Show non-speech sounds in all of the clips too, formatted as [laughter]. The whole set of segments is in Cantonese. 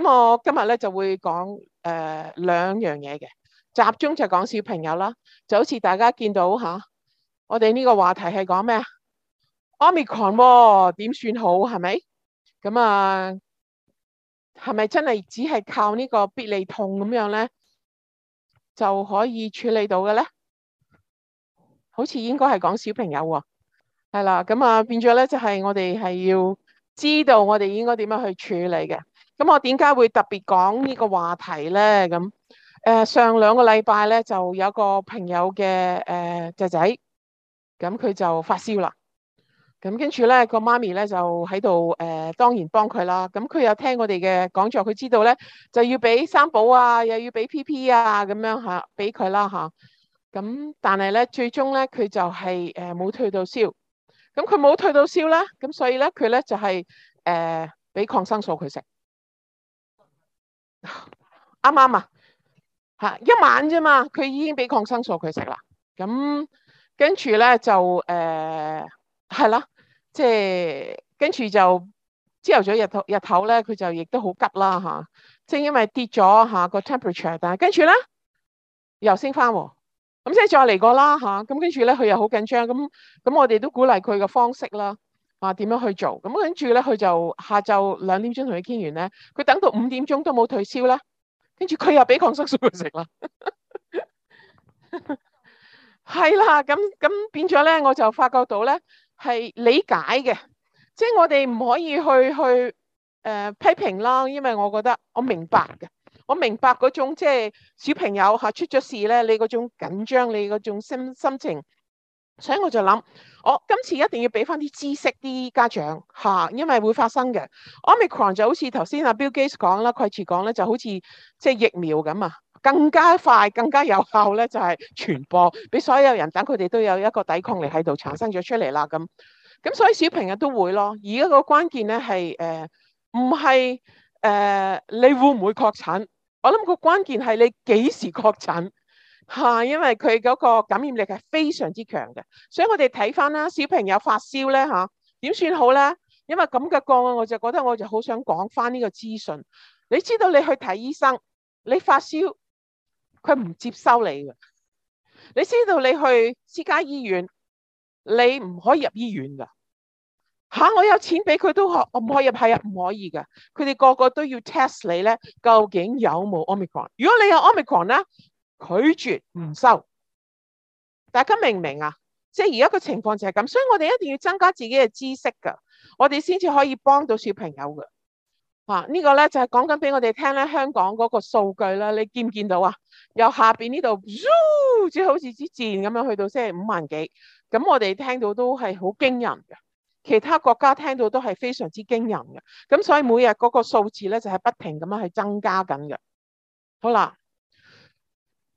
咁我今日咧就會講誒兩樣嘢嘅，集中就講小朋友啦，就好似大家見到吓，我哋呢個話題係講咩啊？Omicron 喎，點、哦、算好係咪？咁啊，係咪真係只係靠呢個必理痛咁樣咧就可以處理到嘅咧？好似應該係講小朋友喎、哦，係啦。咁啊變咗咧，就係、是、我哋係要知道我哋應該點樣去處理嘅。咁我點解會特別講呢個話題咧？咁誒上兩個禮拜咧就有個朋友嘅誒仔仔，咁、呃、佢就發燒啦。咁跟住咧個媽咪咧就喺度誒，當然幫佢啦。咁佢又聽我哋嘅講座，佢知道咧就要俾三寶啊，又要俾 P P 啊咁樣嚇俾佢啦嚇。咁但係咧最終咧佢就係誒冇退到燒。咁佢冇退到燒啦，咁所以咧佢咧就係誒俾抗生素佢食。呃啱啱 [laughs] 啊，吓一晚啫嘛，佢已經俾抗生素佢食、呃、啦，咁、就是、跟住咧就誒係啦，即係跟住就朝頭早日頭日頭咧，佢、啊、就亦都好急啦吓，正因為跌咗下、啊、個 temperature，但係跟住咧又升翻喎、哦，咁即係再嚟過啦吓，咁、啊、跟住咧佢又好緊張，咁咁我哋都鼓勵佢嘅方式啦。啊，點樣去做？咁跟住咧，佢就下晝兩點鐘同佢傾完咧，佢等到五點鐘都冇退燒啦，跟住佢又俾抗生素佢食啦。係 [laughs] 啦，咁咁變咗咧，我就發覺到咧係理解嘅，即係我哋唔可以去去誒批評啦，因為我覺得我明白嘅，我明白嗰種即係小朋友吓出咗事咧，你嗰種緊張，你嗰種心心情。所以我就諗，我、哦、今次一定要俾翻啲知識啲家長嚇、啊，因為會發生嘅。Omicron 就好似頭先阿 Bill Gates 講啦，蓋茨講咧就好似即係疫苗咁啊，更加快、更加有效咧，就係傳播俾所有人，等佢哋都有一個抵抗力喺度產生咗出嚟啦。咁咁所以小朋友都會咯。而家個關鍵咧係誒唔係誒你會唔會確診？我諗個關鍵係你幾時確診。係，因為佢嗰個感染力係非常之強嘅，所以我哋睇翻啦，小朋友發燒咧嚇點算好咧？因為咁嘅個案，我就覺得我就好想講翻呢個資訊。你知道你去睇醫生，你發燒，佢唔接收你嘅。你知道你去私家醫院，你唔可以入醫院㗎。嚇，我有錢俾佢都可，我唔可以入係啊？唔可以㗎。佢哋個個都要 test 你咧，究竟有冇 Omicron？如果你有 Omicron 咧。拒絕唔收，大家明唔明啊？即係而家個情況就係咁，所以我哋一定要增加自己嘅知識㗎，我哋先至可以幫到小朋友㗎。啊，這個、呢個咧就係講緊俾我哋聽咧，香港嗰個數據啦，你見唔見到啊？由下面呢度即好似自然咁樣去到即係五萬幾，咁我哋聽到都係好驚人嘅，其他國家聽到都係非常之驚人嘅。咁所以每日嗰個數字咧就係、是、不停咁樣去增加緊嘅。好啦。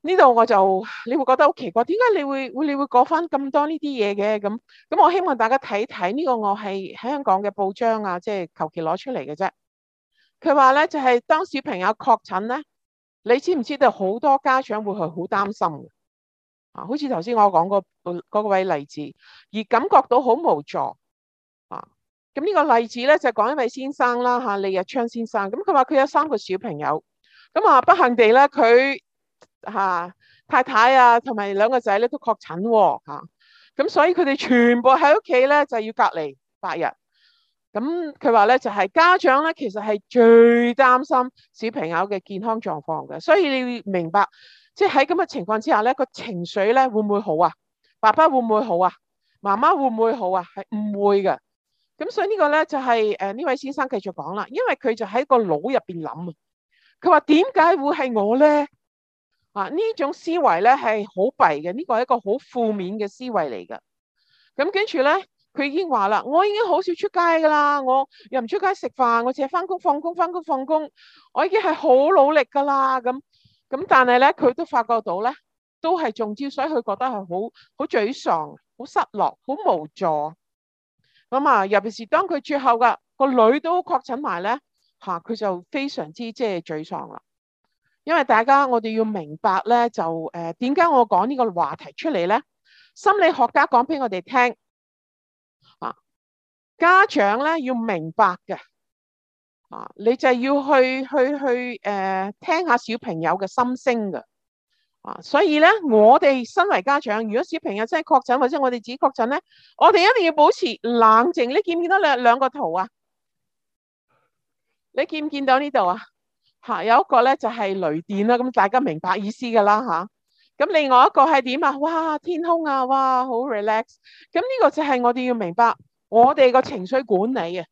呢度我就你會覺得好奇怪，點解你會會你會講翻咁多呢啲嘢嘅咁咁？我希望大家睇睇呢個，我係香港嘅報章啊，即係求其攞出嚟嘅啫。佢話咧就係當小朋友確診咧，你知唔知道好多家長會係好擔心啊？好似頭先我講個嗰個位例子，而感覺到好無助啊。咁呢個例子咧就講一位先生啦嚇，李日昌先生咁，佢話佢有三個小朋友咁啊，不幸地咧佢。吓、啊，太太啊，同埋兩個仔咧都確診喎，吓、啊、咁所以佢哋全部喺屋企咧就要隔離八日。咁佢話咧就係、是、家長咧其實係最擔心小朋友嘅健康狀況嘅，所以你要明白，即係喺咁嘅情況之下咧個情緒咧會唔會好啊？爸爸會唔會好啊？媽媽會唔會好啊？係唔會嘅。咁所以這個呢個咧就係誒呢位先生繼續講啦，因為佢就喺個腦入邊諗啊。佢話點解會係我咧？啊！呢種思維咧係好弊嘅，呢個係一個好負面嘅思維嚟嘅。咁跟住咧，佢已經話啦，我已經好少出街噶啦，我又唔出街食飯，我淨係翻工放工翻工放工，我已經係好努力噶啦咁咁，但係咧，佢都發覺到咧，都係中招，所以佢覺得係好好沮喪、好失落、好無助。咁啊，尤其是當佢最後嘅個女都確診埋咧，吓、啊、佢就非常之即係沮喪啦。因為大家我哋要明白咧，就誒點解我講呢個話題出嚟咧？心理學家講俾我哋聽啊，家長咧要明白嘅啊，你就係要去去去誒、呃、聽下小朋友嘅心聲嘅啊，所以咧我哋身為家長，如果小朋友真係確診或者我哋自己確診咧，我哋一定要保持冷靜。你見唔見到兩兩個圖啊？你見唔見到呢度啊？吓，有一個咧就係雷電啦，咁大家明白意思㗎啦吓。咁另外一個係點啊？哇，天空啊，哇，好 relax。咁呢個就係我哋要明白我哋個情緒管理啊，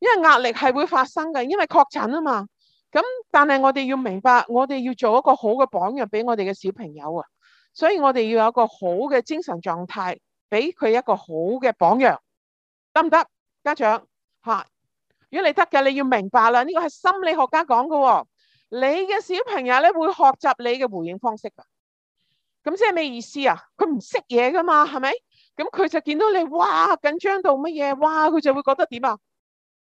因為壓力係會發生嘅，因為確診啊嘛。咁但係我哋要明白，我哋要做一個好嘅榜樣俾我哋嘅小朋友啊，所以我哋要有一個好嘅精神狀態，俾佢一個好嘅榜樣，得唔得？家長吓，如果你得嘅，你要明白啦，呢個係心理學家講嘅喎。你嘅小朋友咧會學習你嘅回應方式噶，咁即係咩意思啊？佢唔識嘢噶嘛，係咪？咁佢就見到你哇緊張到乜嘢，哇佢就會覺得點啊？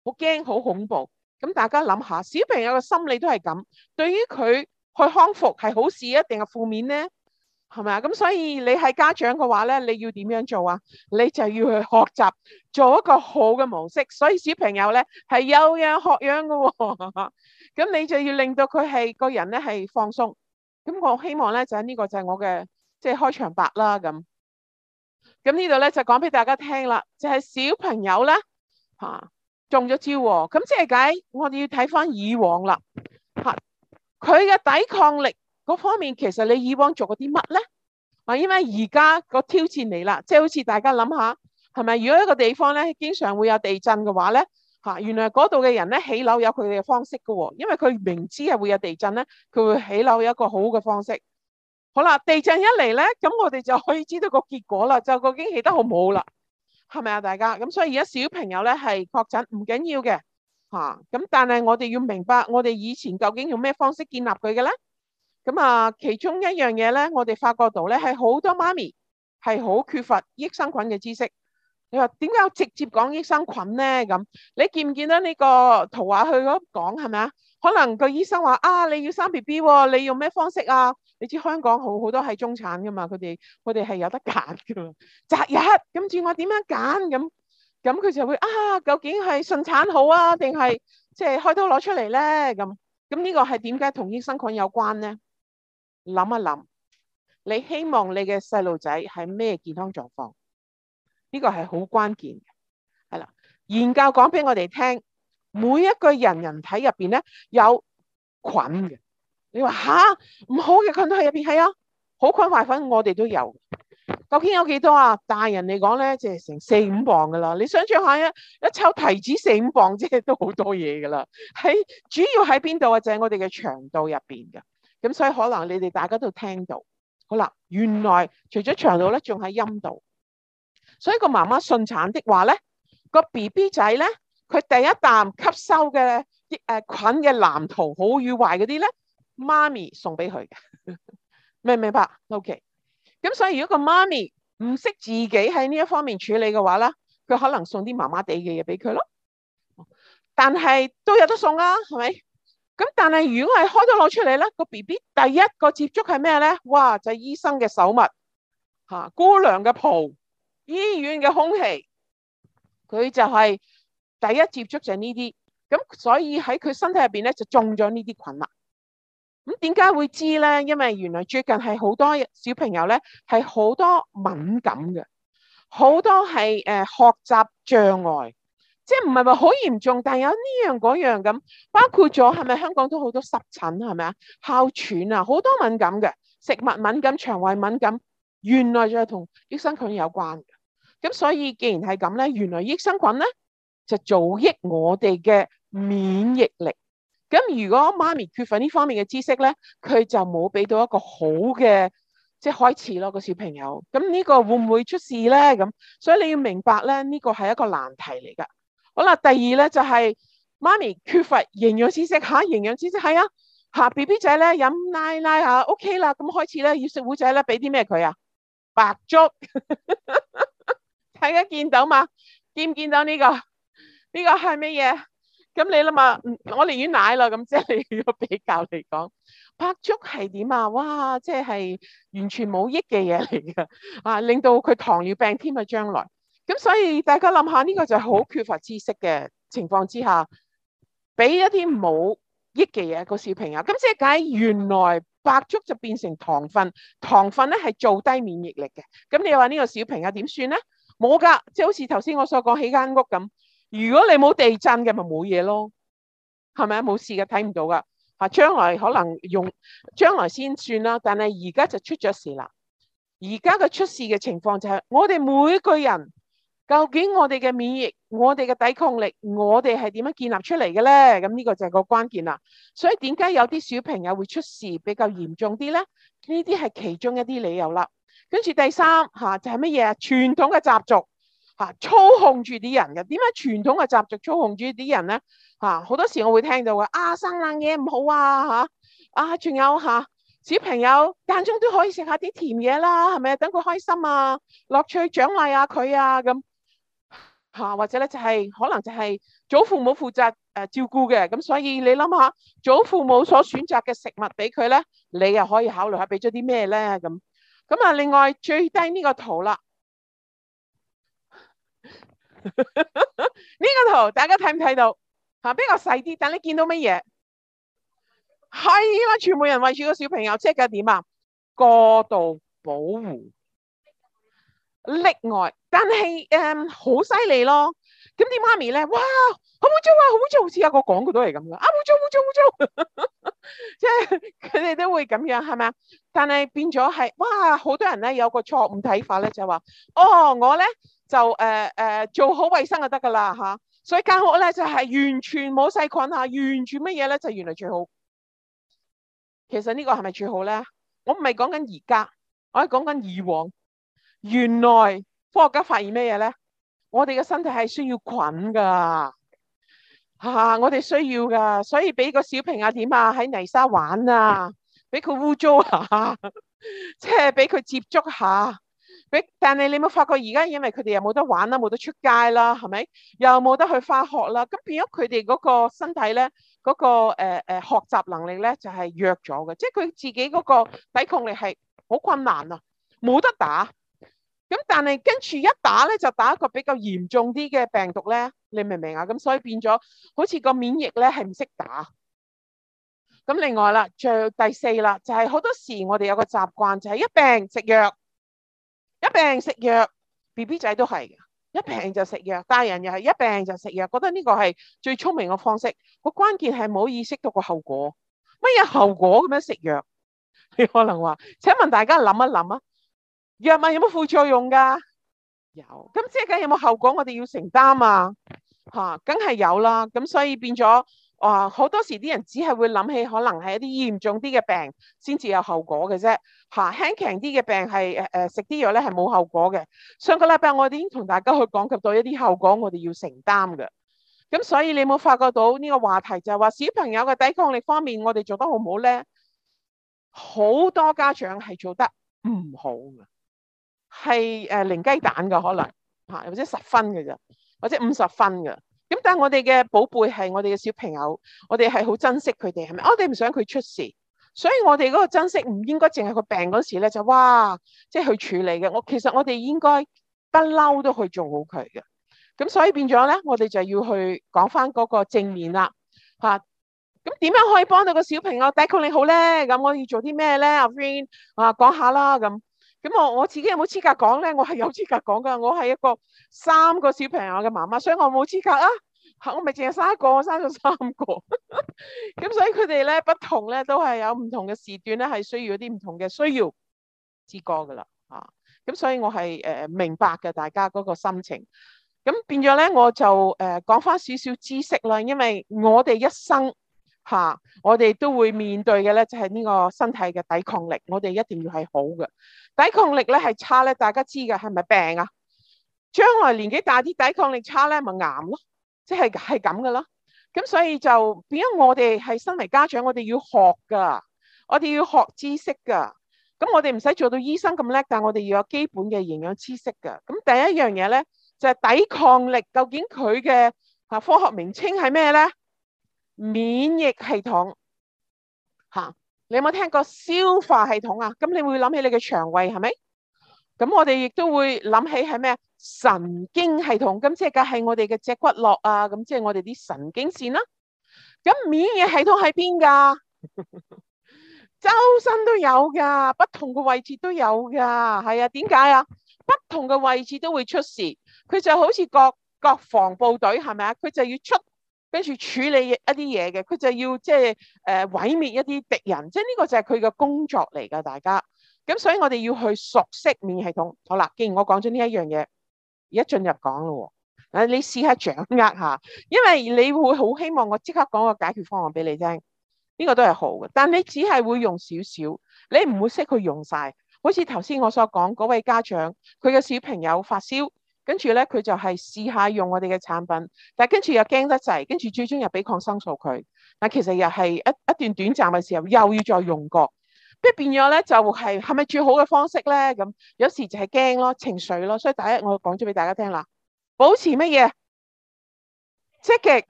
好驚，好恐怖。咁大家諗下，小朋友嘅心理都係咁。對於佢去康復係好事，定係負面咧？係咪啊？咁所以你係家長嘅話咧，你要點樣做啊？你就要去學習做一個好嘅模式，所以小朋友咧係有樣學樣噶喎。咁你就要令到佢係個人咧係放鬆。咁我希望咧就係呢個就係我嘅即係開場白啦。咁咁呢度咧就講俾大家聽啦，就係小朋友咧嚇、啊、中咗招喎。咁即係解我哋要睇翻以往啦。佢、啊、嘅抵抗力嗰方面，其實你以往做過啲乜咧？啊，因為而家個挑戰嚟啦，即係好似大家諗下係咪？如果一個地方咧經常會有地震嘅話咧？啊，原來嗰度嘅人咧起樓有佢哋嘅方式噶喎，哦，因為佢明知係會有地震咧，佢會起樓有一個好嘅方式。好啦，地震一嚟咧，咁我哋就可以知道個結果啦，就究竟起得好唔好啦，係咪啊大家？咁所以而家小朋友咧係確診唔緊要嘅，嚇咁，但係我哋要明白，我哋以前究竟用咩方式建立佢嘅咧？咁啊，其中一樣嘢咧，我哋發覺到咧係好多媽咪係好缺乏益生菌嘅知識。你話點解直接講益生菌呢？咁你見唔見到呢個圖畫去咁講，係咪啊？可能個醫生話啊，你要生 B B，你用咩方式啊？你知香港好好多係中產噶嘛？佢哋佢哋係有得揀噶啦，擇日咁，叫我點樣揀？咁咁佢就會啊，究竟係順產好啊，定係即係開刀攞出嚟咧？咁咁呢個係點解同益生菌有關呢？諗一諗，你希望你嘅細路仔係咩健康狀況？呢個係好關鍵嘅，係啦。研究講俾我哋聽，每一個人人體入邊咧有菌嘅。你話吓唔好嘅菌都喺入邊係啊，好菌壞菌我哋都有。究竟有幾多啊？大人嚟講咧，就係成四五磅噶啦。你想象下一一抽提子四五磅，即係都好多嘢噶啦。喺主要喺邊度啊？就係我哋嘅腸道入邊噶。咁所以可能你哋大家都聽到。好啦，原來除咗腸道咧，仲喺陰道。所以個媽媽順產的話咧，個 B B 仔咧，佢第一啖吸收嘅啲誒菌嘅藍圖好與壞嗰啲咧，媽咪送俾佢嘅，明 [laughs] 唔明白？OK，咁所以如果個媽咪唔識自己喺呢一方面處理嘅話咧，佢可能送啲麻麻地嘅嘢俾佢咯。但係都有得送啊，係咪？咁但係如果係開咗攞出嚟咧，個 B B 第一個接觸係咩咧？哇！就係、是、醫生嘅手物，吓姑娘嘅袍。醫院嘅空氣，佢就係第一接觸就係呢啲，咁所以喺佢身體入邊咧就中咗呢啲菌喇。咁點解會知咧？因為原來最近係好多小朋友咧係好多敏感嘅，好多係誒學習障礙，即係唔係話好嚴重，但係有呢樣嗰樣咁，包括咗係咪香港都好多濕疹係咪啊？哮喘啊，好多敏感嘅食物敏感、腸胃敏感，原來就係同益生菌有關嘅。咁所以既然係咁咧，原來益生菌咧就造益我哋嘅免疫力。咁如果媽咪缺乏呢方面嘅知識咧，佢就冇俾到一個好嘅即係開始咯，個小朋友。咁呢個會唔會出事咧？咁所以你要明白咧，呢個係一個難題嚟噶。好啦，第二咧就係、是、媽咪缺乏營養知識吓，營、啊、養知識係啊吓，B B 仔咧飲奶奶吓，O K 啦，咁開始咧要食糊仔呢，俾啲咩佢啊、OK？白粥。 [laughs] 大家見到嘛？見唔見到呢個？呢個係咩嘢？咁你諗下，我寧願奶啦，咁即係如果比較嚟講，白粥係點啊？哇！即係完全冇益嘅嘢嚟嘅，啊，令到佢糖尿病添啊！將來咁，所以大家諗下呢個就係好缺乏知識嘅情況之下，俾一啲冇益嘅嘢個小朋友啊！咁即係解原來白粥就變成糖分，糖分咧係做低免疫力嘅。咁你話呢個小朋友啊點算咧？冇噶，即係好似頭先我所講起間屋咁。如果你冇地震嘅，咪冇嘢咯，係咪啊？冇事嘅，睇唔到噶。吓，將來可能用，將來先算啦。但係而家就出咗事啦。而家嘅出事嘅情況就係，我哋每個人究竟我哋嘅免疫，我哋嘅抵抗力，我哋係點樣建立出嚟嘅咧？咁呢個就係個關鍵啦。所以點解有啲小朋友會出事比較嚴重啲咧？呢啲係其中一啲理由啦。跟住第三嚇就係乜嘢啊？傳、就是、統嘅習俗嚇操控住啲人嘅。點解傳統嘅習俗操控住啲人咧？嚇、啊、好多時我會聽到話啊，生冷嘢唔好啊，嚇啊仲、啊、有嚇、啊、小朋友間中都可以食下啲甜嘢啦，係咪啊？等佢開心啊，樂趣獎勵下佢啊咁，嚇、啊啊啊、或者咧就係、是、可能就係祖父母負責誒照顧嘅。咁、啊、所以你諗下祖父母所選擇嘅食物俾佢咧，你又可以考慮下俾咗啲咩咧咁。啊。咁啊，另外最低呢個圖啦，呢 [laughs] 個圖大家睇唔睇到？吓，比較細啲，但你見到乜嘢？係啊，全部人圍住個小朋友，即係叫點啊？過度保護，溺愛，但係誒好犀利咯。咁啲媽咪咧，哇，好污糟啊！好污糟，好似有個廣告都係咁嘅，啊污糟污糟污糟。 [laughs] 即係佢哋都會咁樣，係咪啊？但係變咗係，哇！好多人咧有個錯誤睇法咧，就話、係、哦，我咧就誒誒、呃呃、做好衛生就得噶啦吓。所以間屋咧就係、係、完全冇細菌吓、啊，完全乜嘢咧就係、原來最好。其實呢個係咪最好咧？我唔係講緊而家，我係講緊以往。原來科學家發現咩嘢咧？我哋嘅身體係需要菌噶。吓、啊！我哋需要噶，所以俾個小平啊點啊喺泥沙玩啊，俾佢污糟下，即係俾佢接觸下。俾但係你有冇發覺而家因為佢哋又冇得玩啦，冇得出街啦，係咪又冇得去翻學啦？咁變咗佢哋嗰個身體咧，嗰、那個誒誒、呃呃、學習能力咧就係、是、弱咗嘅，即係佢自己嗰個抵抗力係好困難啊，冇得打。咁但係跟住一打咧，就打一個比較嚴重啲嘅病毒咧，你明唔明啊？咁所以變咗好似個免疫咧係唔識打。咁另外啦，著第四啦，就係好多時我哋有個習慣，就係一病食藥，一病食藥，BB 仔都係嘅，一病就食藥，大人又係一病就食藥，覺得呢個係最聰明嘅方式。個關鍵係冇意識到個後果，乜嘢後果咁樣食藥？你可能話：請問大家諗一諗啊！藥物有冇副作用㗎？有，咁即係有冇後果？我哋要承擔啊！吓、啊，梗係有啦。咁所以變咗，啊，好多時啲人只係會諗起可能係一啲嚴重啲嘅病先至有後果嘅啫。吓、啊，輕強啲嘅病係誒誒，食啲藥咧係冇後果嘅。上個禮拜我已經同大家去講及到一啲後果，我哋要承擔嘅。咁所以你冇發覺到呢個話題就係話小朋友嘅抵抗力方面，我哋做得好唔好咧？好多家長係做得唔好嘅。係誒零雞蛋嘅可能嚇，或者十分嘅㗎，或者五十分嘅。咁但係我哋嘅寶貝係我哋嘅小朋友，我哋係好珍惜佢哋，係咪？我哋唔想佢出事，所以我哋嗰個珍惜唔應該淨係佢病嗰時咧就哇，即、就、係、是、去處理嘅。我其實我哋應該不嬲都去做好佢嘅。咁所以變咗咧，我哋就要去講翻嗰個正面啦嚇。咁點樣可以幫到個小朋友 d o c t o 你好咧？咁我要做啲咩咧？阿 Vin，啊講下啦咁。咁我我自己有冇資格講咧？我係有資格講噶，我係一個三個小朋友嘅媽媽，所以我冇資格啊！我咪淨係生一個，我生咗三個，咁所以佢哋咧不同咧都係有唔同嘅時段咧，係需要啲唔同嘅需要知過噶啦嚇。咁所以我係誒明白嘅大家嗰個心情。咁變咗咧，我就誒講返少少知識啦，因為我哋一生。吓，我哋都會面對嘅咧，就係呢個身體嘅抵抗力，我哋一定要係好嘅。抵抗力咧係差咧，大家知嘅係咪病啊？將來年紀大啲，抵抗力差咧，咪癌咯，即係係咁嘅咯。咁所以就點解我哋係身為家長，我哋要學噶，我哋要學知識噶。咁我哋唔使做到醫生咁叻，但係我哋要有基本嘅營養知識噶。咁第一樣嘢咧就係抵抗力，究竟佢嘅嚇科學名稱係咩咧？免疫系統吓，你有冇聽過消化系統啊？咁你會諗起你嘅腸胃係咪？咁我哋亦都會諗起係咩？神經系統咁即係係我哋嘅脊骨落啊，咁即係我哋啲神經線啦。咁免疫系統喺邊噶？周身都有噶，不同嘅位置都有噶。係啊，點解啊？不同嘅位置都會出事，佢就好似各國防部隊係咪啊？佢就要出。跟住處理一啲嘢嘅，佢就要即係誒毀滅一啲敵人，即係呢個就係佢嘅工作嚟噶。大家，咁所以我哋要去熟悉免疫系統。好啦，既然我講咗呢一樣嘢，而家進入講啦喎，你試下掌握下，因為你會好希望我即刻講個解決方案俾你聽。呢個都係好嘅，但你只係會用少少，你唔會識佢用晒。好似頭先我所講嗰位家長，佢嘅小朋友發燒。跟住咧，佢就係試下用我哋嘅產品，但跟住又驚得滯，跟住最終又俾抗生素佢。但其實又係一一段短暫嘅時候，又要再用過，即係變咗咧就係係咪最好嘅方式咧？咁有時就係驚咯，情緒咯。所以第一我講咗俾大家聽啦，保持乜嘢積極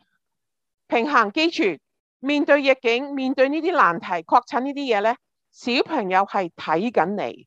平衡基調，面對逆境，面對呢啲難題、確診呢啲嘢咧，小朋友係睇緊你。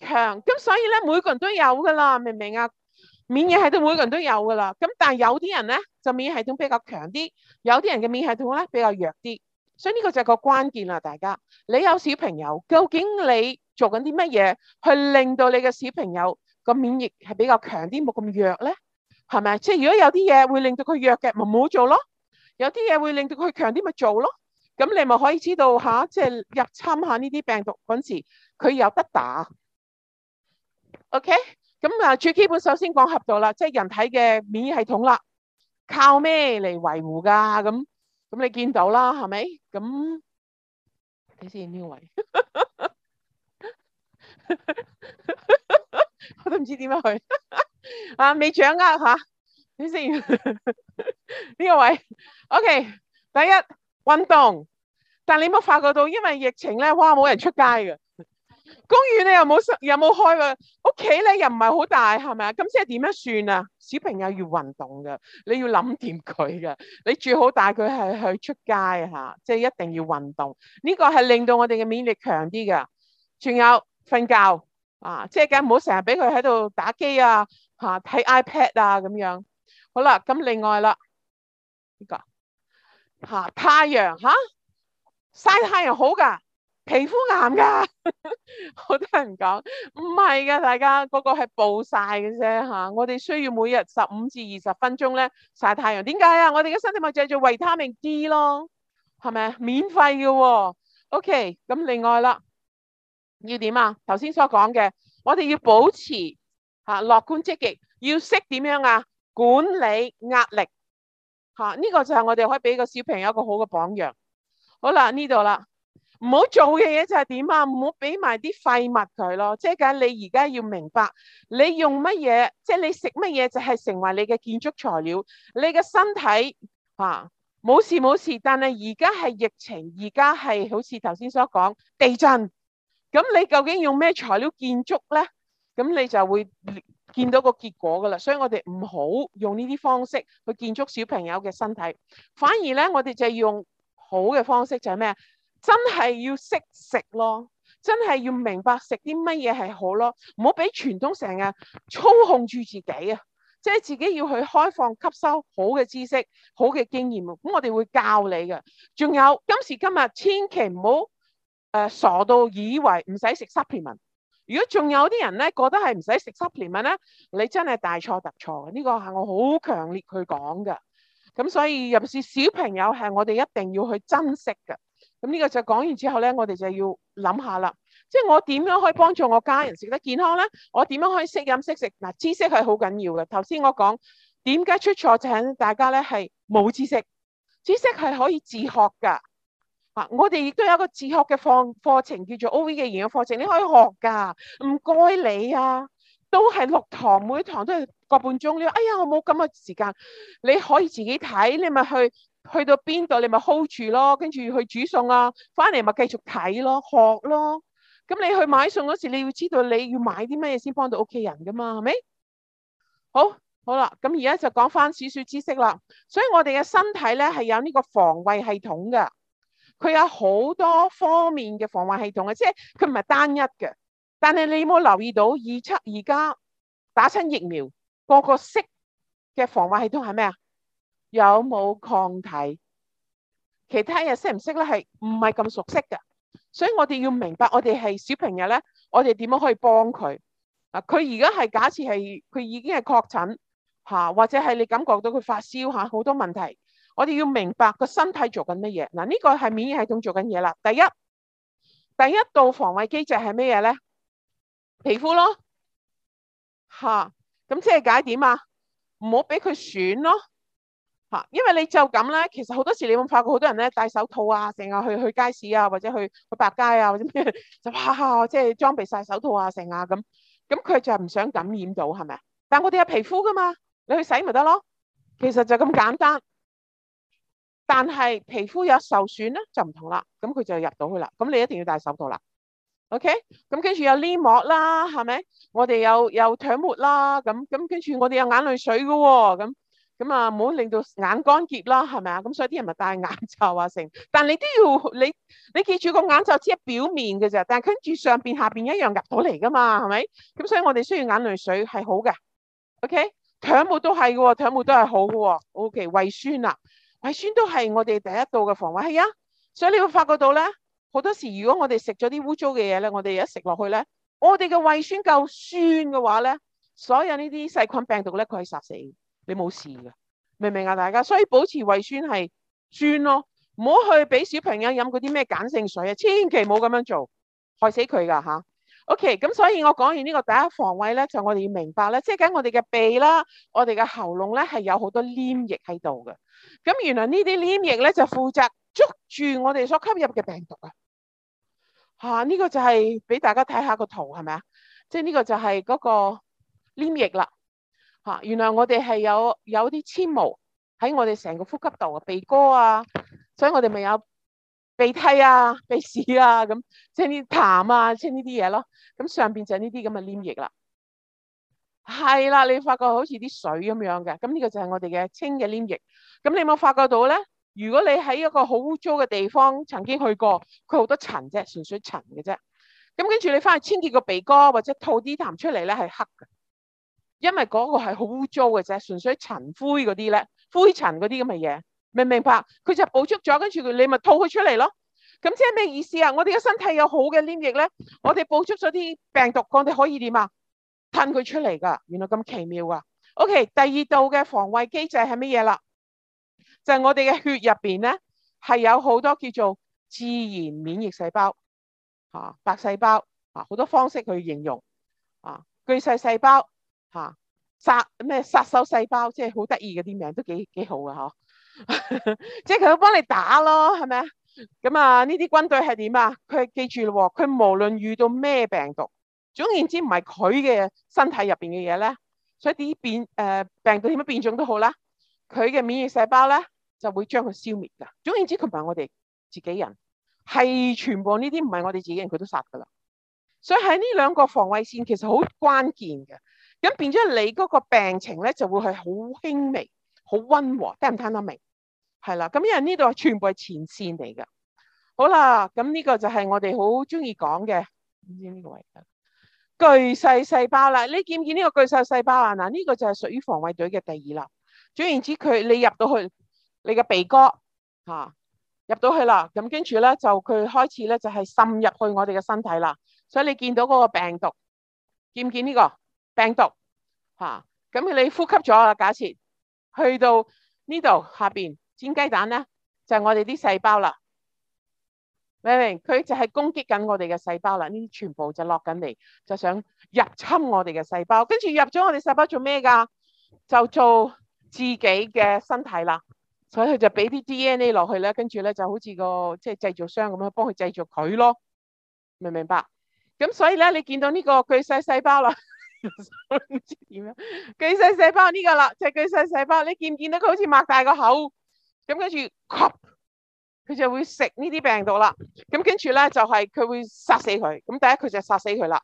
強咁所以咧，每個人都有噶啦，明唔明啊？免疫系統每個人都有噶啦，咁但係有啲人咧就免疫系統比較強啲，有啲人嘅免疫系統咧比較弱啲，所以呢個就係個關鍵啦，大家。你有小朋友，究竟你做緊啲乜嘢去令到你嘅小朋友個免疫系比較強啲，冇咁弱咧？係咪？即係如果有啲嘢會令到佢弱嘅，咪唔好做咯；有啲嘢會令到佢強啲，咪做咯。咁你咪可以知道吓，即係入侵下呢啲病毒嗰陣時，佢有得打。O K，咁啊，最基本首先講合作啦，即係人體嘅免疫系統啦，靠咩嚟維護㗎？咁咁你見到啦，係咪？咁睇先呢個位，我都唔知點樣去，啊，未掌握吓，睇先呢個位。O K，第一運動，但係你有冇發覺到，因為疫情咧，哇，冇人出街嘅。公園你又冇室，又冇開啊！屋企咧又唔係好大，係咪啊？咁即係點樣算啊？小朋友要運動噶，你要諗掂佢噶。你最好帶佢係去出街吓，即係一定要運動。呢個係令到我哋嘅免疫力強啲噶。仲有瞓覺啊，即係梗唔好成日俾佢喺度打機啊，吓睇 iPad 啊咁樣。好啦，咁另外啦，呢個吓太陽吓曬太陽好噶。皮膚癌噶，好多人講唔係噶，大家嗰個係暴曬嘅啫吓。我哋需要每日十五至二十分鐘咧曬太陽。點解啊？我哋嘅身體咪製造維他命 D 咯，係咪啊？免費嘅喎。OK，咁另外啦，要點啊？頭先所講嘅，我哋要保持吓樂觀積極，要識點樣啊？管理壓力吓，呢個就係我哋可以俾個小朋友一個好嘅榜樣。好啦，呢度啦。唔好做嘅嘢，就係點啊，唔好俾埋啲廢物佢咯。即係咁，你而家要明白，你用乜嘢，即係你食乜嘢，就係成為你嘅建築材料。你嘅身體啊，冇事冇事。但係而家係疫情，而家係好似頭先所講地震。咁你究竟用咩材料建築咧？咁你就會見到個結果噶啦。所以我哋唔好用呢啲方式去建築小朋友嘅身體，反而咧我哋就係用好嘅方式，就係咩？真係要識食咯，真係要明白食啲乜嘢係好咯，唔好俾傳統成日操控住自己啊！即係自己要去開放吸收好嘅知識、好嘅經驗。咁我哋會教你嘅。仲有今時今日，千祈唔好誒，傻到以為唔使食 supplement。如果仲有啲人咧覺得係唔使食 supplement 咧，你真係大錯特錯。呢個係我好強烈去講嘅。咁所以尤其是小朋友係我哋一定要去珍惜嘅。咁呢個就講完之後咧，我哋就要諗下啦。即係我點樣可以幫助我家人食得健康咧？我點樣可以識飲識食？嗱、啊，知識係好緊要嘅。頭先我講點解出錯，就係大家咧係冇知識，知識係可以自學噶。嗱、啊，我哋亦都有一個自學嘅課課程，叫做 O V 嘅營養課程，你可以學噶。唔該你啊，都係六堂，每堂都係個半鐘。呢，哎呀，我冇咁嘅時間，你可以自己睇，你咪去。去到邊度你咪 hold 住咯，跟住去煮餸啊，翻嚟咪繼續睇咯，學咯。咁你去買餸嗰時，你要知道你要買啲乜嘢先幫到屋企人噶嘛，係咪？好好啦，咁而家就講翻少少知識啦。所以我哋嘅身體咧係有呢個防衛系統嘅，佢有好多方面嘅防衛系統嘅，即係佢唔係單一嘅。但係你有冇留意到以七而家打親疫苗，個個識嘅防衛系統係咩啊？有冇抗體？其他嘢識唔識咧？係唔係咁熟悉嘅？所以我哋要明白我們是，我哋係小朋友咧，我哋點樣可以幫佢？嗱、啊，佢而家係假設係佢已經係確診吓，或者係你感覺到佢發燒吓，好、啊、多問題。我哋要明白個身體做緊乜嘢？嗱、啊，呢、這個係免疫系統做緊嘢啦。第一，第一道防衛機制係乜嘢咧？皮膚咯吓，咁即係解點啊？唔好俾佢損咯。因為你就咁咧，其實好多時你有冇發覺好多人咧戴手套啊，成日去去街市啊，或者去去百佳啊，或者咩就哈，即係裝備晒手套啊，成啊咁。咁佢就唔想感染到，係咪？但我哋有皮膚噶嘛，你去洗咪得咯。其實就咁簡單。但係皮膚有受損咧，就唔同啦。咁佢就入到去啦。咁你一定要戴手套啦。OK。咁跟住有粘膜啦，係咪？我哋有有唾沫啦。咁咁跟住我哋有眼淚水噶喎、哦。咁。咁啊，唔好令到眼乾澀啦，係咪啊？咁所以啲人咪戴眼罩啊，成。但你都要你你記住個眼罩只係表面嘅咋，但係跟住上邊下邊一樣入到嚟噶嘛，係咪？咁所以我哋需要眼淚水係好嘅，OK。唾沫都係嘅喎，唾沫都係好嘅喎，OK。胃酸啦、啊，胃酸都係我哋第一道嘅防衛。係啊，所以你會發覺到咧，好多時如果我哋食咗啲污糟嘅嘢咧，我哋一食落去咧，我哋嘅胃酸夠酸嘅話咧，所有呢啲細菌病毒咧，佢係殺死。你冇事㗎，明唔明啊？大家，所以保持胃酸係酸咯，唔好去俾小朋友飲嗰啲咩鹼性水啊，千祈唔好咁樣做，害死佢噶吓。OK，咁所以我講完、這個、大家呢個第一防衛咧，就我哋要明白咧，即係咁我哋嘅鼻啦，我哋嘅喉嚨咧係有好多黏液喺度嘅。咁原來呢啲黏液咧就負責捉住我哋所吸入嘅病毒啊。吓，呢個就係、是、俾大家睇下個圖係咪啊？即係呢個就係嗰個黏液啦。原來我哋係有有啲纖毛喺我哋成個呼吸道，鼻哥啊，所以我哋咪有鼻涕啊、鼻屎啊咁，清啲痰啊，清呢啲嘢咯。咁上面就係呢啲咁嘅黏液啦，係啦，你發覺好似啲水咁樣嘅。咁呢個就係我哋嘅清嘅黏液。咁你有冇發覺到咧？如果你喺一個好污糟嘅地方曾經去過，佢好多塵啫，純粹塵嘅啫。咁跟住你翻去清潔個鼻哥，或者吐啲痰出嚟咧，係黑嘅。因為嗰個係好污糟嘅啫，純粹塵灰嗰啲咧，灰塵嗰啲咁嘅嘢，明唔明白？佢就捕捉咗，跟住佢你咪吐佢出嚟咯。咁即係咩意思啊？我哋嘅身體有好嘅黏液咧，我哋捕捉咗啲病毒，我哋可以點啊？吞佢出嚟噶，原來咁奇妙啊！OK，第二度嘅防衛機制係乜嘢啦？就係我哋嘅血入邊咧，係有好多叫做自然免疫細胞，吓白細胞，啊好多方式去形容，啊巨噬細胞。吓殺咩殺手細胞，即係好得意，嗰啲名都幾幾好啊！嗬， [laughs] 即係佢都幫你打咯，係咪啊？咁啊，呢啲軍隊係點啊？佢記住咯，佢無論遇到咩病毒，總言之唔係佢嘅身體入邊嘅嘢咧，所以啲變誒、呃、病毒點樣變種都好啦，佢嘅免疫細胞咧就會將佢消滅噶。總言之，佢唔係我哋自己人，係全部呢啲唔係我哋自己人，佢都殺噶啦。所以喺呢兩個防衛線，其實好關鍵嘅。咁變咗你嗰個病情咧，就會係好輕微、好溫和，聽唔聽得明？係啦，咁因為呢度係全部係前線嚟嘅，好啦，咁呢個就係我哋好中意講嘅，唔知呢個位？巨細細胞啦，你見唔見呢個巨細細胞啊？嗱，呢個就係屬於防衛隊嘅第二啦。總言之，佢你入到去你嘅鼻哥吓，入到去啦，咁跟住咧就佢開始咧就係滲入去我哋嘅身體啦。所以你見到嗰個病毒，見唔見呢個？病毒吓，咁你呼吸咗啦。假設去到呢度下邊煎雞蛋咧，就係、是、我哋啲細胞啦。明唔明？佢就係攻擊緊我哋嘅細胞啦。呢啲全部就落緊嚟，就想入侵我哋嘅細胞。跟住入咗我哋細胞做咩噶？就做自己嘅身體啦。所以佢就俾啲 D N A 落去咧，跟住咧就好似個即係、就是、製造商咁樣，幫佢製造佢咯。明唔明白？咁所以咧，你見到呢個巨細細胞啦。唔 [laughs] 知點樣巨細細胞呢個啦，巨細細胞你見唔見到佢好似擘大個口咁，跟住佢就會食呢啲病毒啦。咁跟住咧就係、是、佢會殺死佢。咁第一佢就殺死佢啦。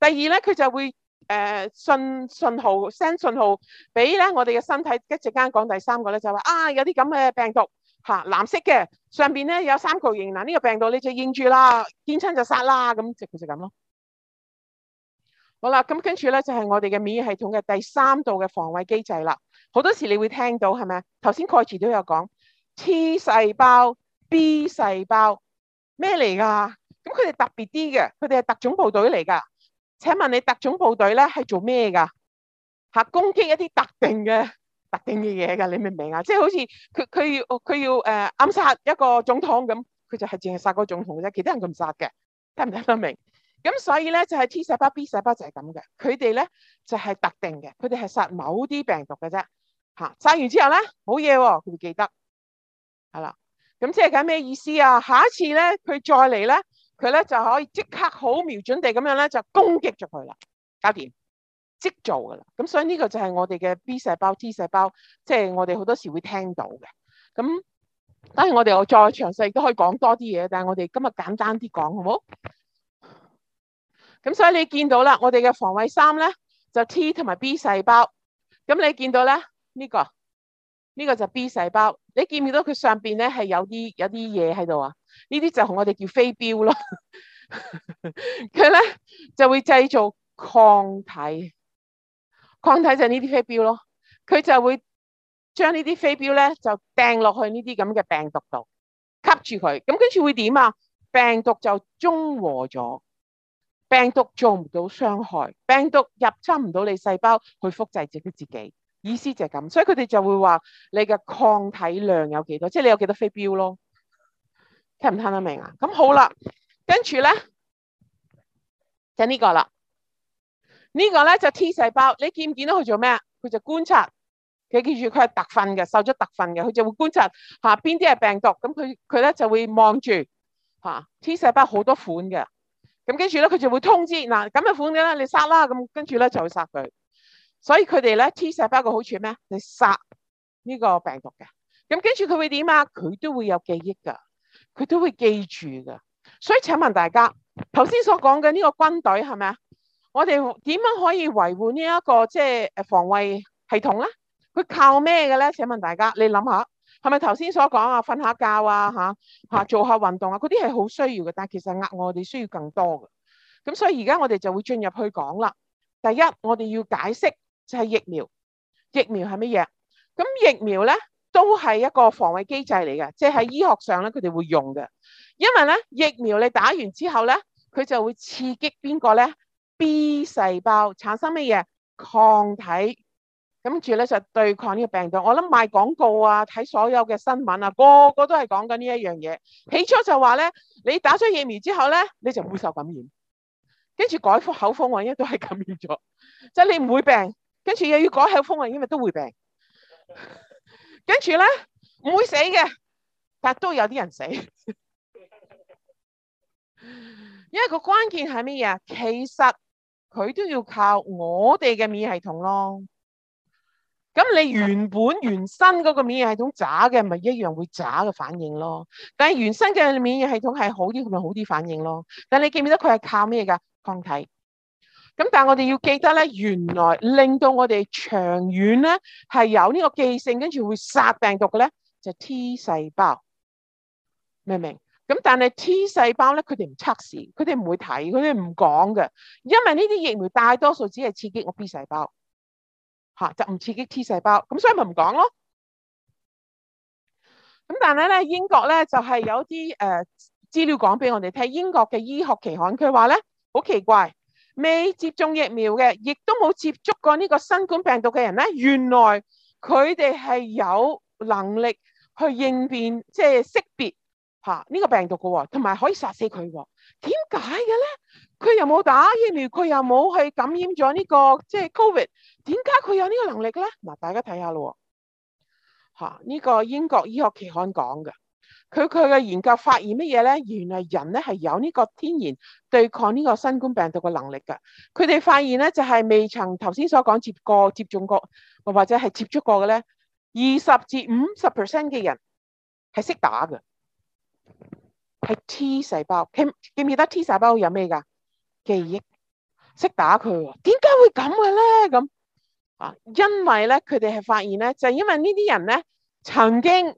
第二咧佢就會誒、呃、信信號 send 信號俾咧我哋嘅身體。一陣間講第三個咧就話，啊有啲咁嘅病毒吓，藍色嘅上邊咧有三角形啦。呢、啊這個病毒你就認住啦，見親就殺啦。咁即係佢就咁咯。好啦，咁跟住咧就係我哋嘅免疫系統嘅第三道嘅防衞機制啦。好多時你會聽到係咪啊？頭先蓋茨都有講 T 細胞、B 細胞咩嚟㗎？咁佢哋特別啲嘅，佢哋係特種部隊嚟㗎。請問你特種部隊咧係做咩㗎？嚇，攻擊一啲特定嘅特定嘅嘢㗎，你明唔明啊？即係好似佢佢要佢要誒暗殺一個總統咁，佢就係淨係殺個總統啫，其他人佢唔殺嘅，聽唔聽得明？咁所以咧就係、是、T 細胞、B 細胞就係咁嘅，佢哋咧就係、是、特定嘅，佢哋係殺某啲病毒嘅啫，吓、啊、殺完之後咧好嘢，佢、哦、會記得係啦，咁即係講咩意思啊？下一次咧佢再嚟咧，佢咧就可以即刻好瞄準地咁樣咧就攻擊咗佢啦，搞掂即做噶啦。咁所以呢個就係我哋嘅 B 細胞、T 細胞，即、就、係、是、我哋好多時會聽到嘅。咁當然我哋又再詳細都可以講多啲嘢，但係我哋今日簡單啲講好唔好？咁所以你見到啦，我哋嘅防衛三咧就 T 同埋 B 細胞。咁你見到咧呢個呢個就 B 細胞。你見唔見到佢上邊咧係有啲有啲嘢喺度啊？呢啲就係我哋叫飛鏢咯。佢咧就會製造抗體，抗體就係呢啲飛鏢咯。佢就會將呢啲飛鏢咧就掟落去呢啲咁嘅病毒度，吸住佢。咁跟住會點啊？病毒就中和咗。病毒做唔到傷害，病毒入侵唔到你細胞去複製自己自己，意思就係咁，所以佢哋就會話你嘅抗體量有幾多，即係你有幾多飛鏢咯，聽唔聽得明啊？咁好啦，跟住咧就呢個啦，呢個咧就 T 細胞，你見唔見到佢做咩啊？佢就觀察，佢記住佢係特訓嘅，受咗特訓嘅，佢就會觀察吓邊啲係病毒，咁佢佢咧就會望住吓 T 細胞好多款嘅。咁跟住咧，佢就會通知嗱咁嘅款嘅啦，你殺啦咁，跟住咧就會殺佢。所以佢哋咧 T 細胞個好處咩？你殺呢個病毒嘅。咁跟住佢會點啊？佢都會有記憶噶，佢都會記住噶。所以請問大家頭先所講嘅呢個軍隊係咪啊？我哋點樣可以維護呢一個即係誒防衛系統咧？佢靠咩嘅咧？請問大家，你諗下。係咪頭先所講啊？瞓下覺啊，嚇、啊、嚇做下運動啊，嗰啲係好需要嘅，但係其實額外我哋需要更多嘅。咁所以而家我哋就會進入去講啦。第一，我哋要解釋就係疫苗。疫苗係乜嘢？咁疫苗咧都係一個防衛機制嚟嘅，即係喺醫學上咧佢哋會用嘅。因為咧疫苗你打完之後咧，佢就會刺激邊個咧？B 細胞產生乜嘢？抗體。跟住咧就對抗呢個病毒。我諗賣廣告啊，睇所有嘅新聞啊，個個都係講緊呢一樣嘢。起初就話咧，你打咗疫苗之後咧，你就唔會受感染。跟住改副口風，或者都係感染咗，即係、就是、你唔會病。跟住又要改口風啊，因為都會病。跟住咧唔會死嘅，但係都有啲人死。因為 [laughs] 個關鍵係乜嘢啊？其實佢都要靠我哋嘅免疫系統咯。咁你原本原生嗰個免疫系統渣嘅，咪一樣會渣嘅反應咯。但係原生嘅免疫系統係好啲，咁咪好啲反應咯。但係你記唔記得佢係靠咩噶抗體？咁但係我哋要記得咧，原來令到我哋長遠咧係有呢個記性，跟住會殺病毒嘅咧就係 T 細胞，明唔明？咁但係 T 細胞咧，佢哋唔測試，佢哋唔會睇，佢哋唔講嘅，因為呢啲疫苗大多數只係刺激我 B 細胞。吓就唔刺激 T 細胞，咁所以咪唔講咯。咁但係咧，英國咧就係有啲誒資料講俾我哋聽，英國嘅醫學期刊佢話咧好奇怪，未接種疫苗嘅，亦都冇接觸過呢個新冠病毒嘅人咧，原來佢哋係有能力去應變，即係識別吓呢個病毒嘅喎，同埋可以殺死佢喎，點解嘅咧？佢又冇打疫苗，佢又冇去感染咗呢個即係 Covid，點解佢有呢個能力咧？嗱，大家睇下咯喎，呢個英國醫學期刊講嘅，佢佢嘅研究發現乜嘢咧？原來人咧係有呢個天然對抗呢個新冠病毒嘅能力嘅。佢哋發現咧就係未曾頭先所講接過接種過或者係接觸過嘅咧，二十至五十 percent 嘅人係識打嘅，係 T 細胞。記唔記得 T 細胞有咩噶？記憶識打佢，點解會咁嘅咧？咁啊，因為咧，佢哋係發現咧，就係因為呢啲人咧，曾經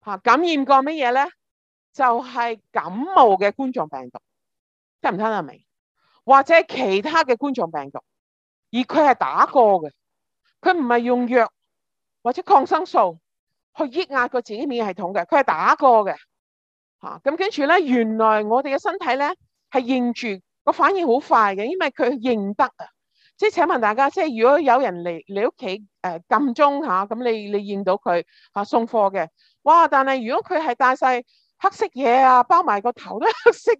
啊感染過乜嘢咧？就係感冒嘅冠狀病毒，聽唔聽得明？或者其他嘅冠狀病毒，而佢係打過嘅，佢唔係用藥或者抗生素去抑壓個自己免疫系統嘅，佢係打過嘅。啊，咁跟住咧，原來我哋嘅身體咧係認住。我反應好快嘅，因為佢認得啊。即係請問大家，即係如果有人嚟你屋企誒撳鐘嚇，咁你你認到佢嚇送貨嘅，哇！但係如果佢係帶晒黑色嘢啊，包埋個頭都黑色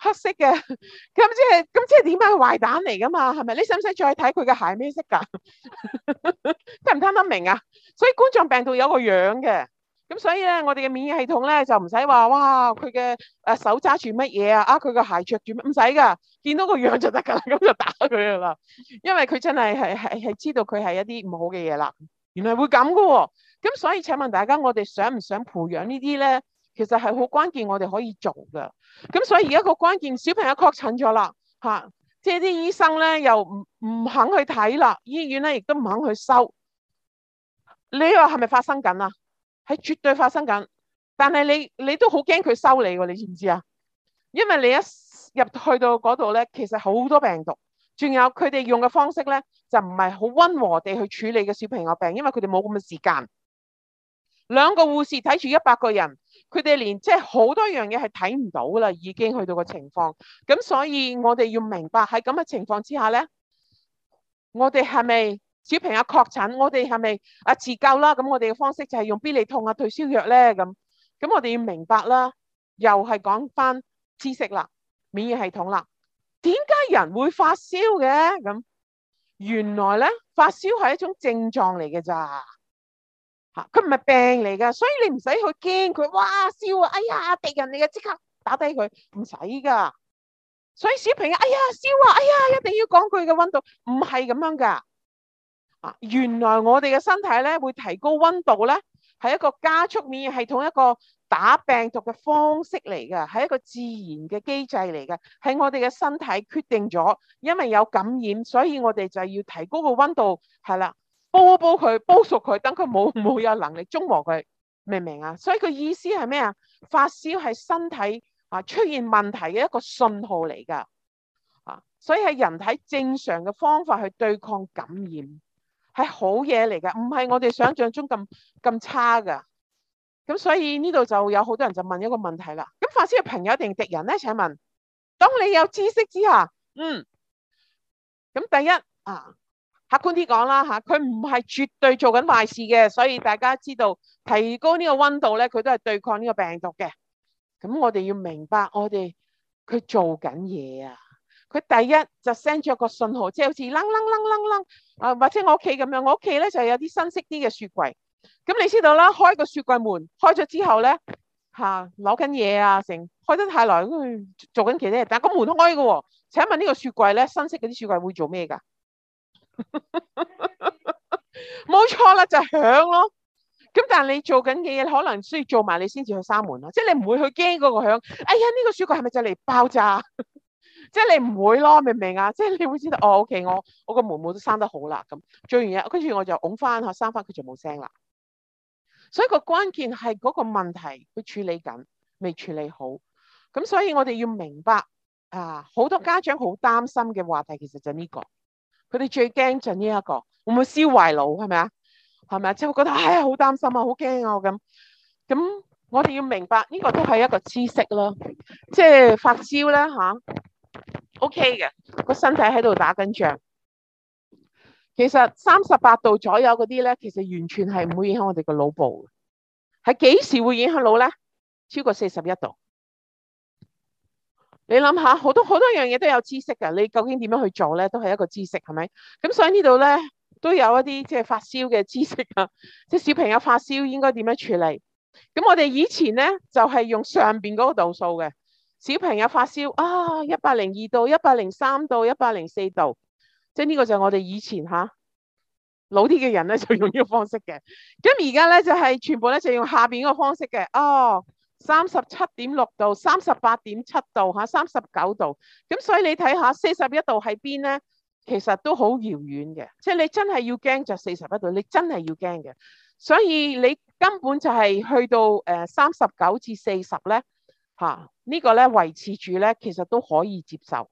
黑色嘅，咁即係咁即係點解壞蛋嚟噶嘛？係咪？你使唔使再睇佢嘅鞋咩色噶？ [laughs] 聽唔聽得明啊？所以冠狀病毒有個樣嘅。咁所以咧，我哋嘅免疫系統咧就唔使話，哇！佢嘅誒手揸住乜嘢啊？啊，佢嘅鞋着住乜？唔使噶，見到個樣就得噶啦，咁就打佢啦。因為佢真係係係係知道佢係一啲唔好嘅嘢啦。原來會咁噶喎。咁所以請問大家，我哋想唔想培養呢啲咧？其實係好關鍵，我哋可以做噶。咁所以而家個關鍵，小朋友確診咗啦，嚇、啊！即係啲醫生咧又唔唔肯去睇啦，醫院咧亦都唔肯去收。你話係咪發生緊啊？係絕對發生緊，但係你你都好驚佢收你喎，你知唔知啊？因為你一入去到嗰度咧，其實好多病毒，仲有佢哋用嘅方式咧，就唔係好溫和地去處理嘅小朋友病，因為佢哋冇咁嘅時間。兩個護士睇住一百個人，佢哋連即係好多樣嘢係睇唔到啦，已經去到個情況。咁所以我哋要明白喺咁嘅情況之下咧，我哋係咪？小朋友確診，我哋係咪啊自救啦？咁我哋嘅方式就係用必利痛啊退燒藥咧咁。咁我哋要明白啦，又係講翻知識啦，免疫系統啦，點解人會發燒嘅咁？原來咧，發燒係一種症狀嚟嘅咋嚇，佢唔係病嚟噶，所以你唔使去驚佢哇燒啊！哎呀敵人嚟嘅，即刻打低佢唔使噶。所以小朋友哎呀燒啊！哎呀一定要講佢嘅温度，唔係咁樣噶。啊！原來我哋嘅身體咧會提高溫度咧，係一個加速免疫系統一個打病毒嘅方式嚟嘅，係一個自然嘅機制嚟嘅。係我哋嘅身體決定咗，因為有感染，所以我哋就要提高個溫度，係啦，煲一煲佢，煲熟佢，等佢冇冇有能力中和佢，明唔明啊？所以佢意思係咩啊？發燒係身體啊出現問題嘅一個信號嚟噶，啊，所以係人體正常嘅方法去對抗感染。係好嘢嚟嘅，唔係我哋想象中咁咁差噶。咁所以呢度就有好多人就問一個問題啦。咁發燒係朋友定敵人咧？請問，當你有知識之下，嗯，咁第一啊，客觀啲講啦吓，佢唔係絕對做緊壞事嘅，所以大家知道提高呢個溫度咧，佢都係對抗呢個病毒嘅。咁我哋要明白，我哋佢做緊嘢啊。佢第一就 send 咗個信號，即係好似啷啷啷啷啷啊！或者我屋企咁樣，我屋企咧就係有啲新式啲嘅雪櫃。咁你知道啦，開個雪櫃門，開咗之後咧吓，攞緊嘢啊，成開得太耐，哎，做緊其他嘢，但個門開嘅喎，哦。請問呢個雪櫃咧，新式嗰啲雪櫃會做咩㗎？冇 [laughs] 錯啦，就是，響咯。咁但係你做緊嘅嘢，可能需要做埋你先至去閂門啊，即係你唔會去驚嗰個響。哎呀，呢、呢個雪櫃係咪就嚟爆炸？即係你唔會咯，明唔明啊？即係你會知道哦。OK，我我個妹妹都生得好啦。咁做完嘢，跟住我就拱翻嚇，生翻佢就冇聲啦。所以個關鍵係嗰個問題，佢處理緊，未處理好。咁所以我哋要明白啊，好多家長好擔心嘅話題，其實就呢個。佢哋最驚就呢一個，會唔會燒壞腦？係咪啊？係咪啊？之後覺得哎呀，好擔心啊，好驚啊，咁咁，我哋要明白呢個都係一個知識咯。即係發燒咧嚇。啊 O K 嘅，個、okay、身體喺度打緊仗。其實三十八度左右嗰啲咧，其實完全係唔會影響我哋個腦部。係幾時會影響腦咧？超過四十一度。你諗下，好多好多樣嘢都有知識㗎。你究竟點樣去做咧？都係一個知識，係咪？咁所以呢度咧都有一啲即係發燒嘅知識啊。即小朋友發燒應該點樣處理？咁我哋以前咧就係、是、用上邊嗰個度數嘅。小朋友發燒啊，一百零二度、一百零三度、一百零四度，即係呢個就係我哋以前吓、啊、老啲嘅人咧，就用呢個方式嘅。咁而家咧就係、是、全部咧就用下邊嗰個方式嘅。哦，三十七點六度、三十八點七度吓、三十九度。咁、啊、所以你睇下四十一度喺邊咧，其實都好遙遠嘅。即係你真係要驚就四十一度，你真係要驚嘅。所以你根本就係去到誒三十九至四十咧。吓，啊這個、呢個咧，維持住咧，其實都可以接受，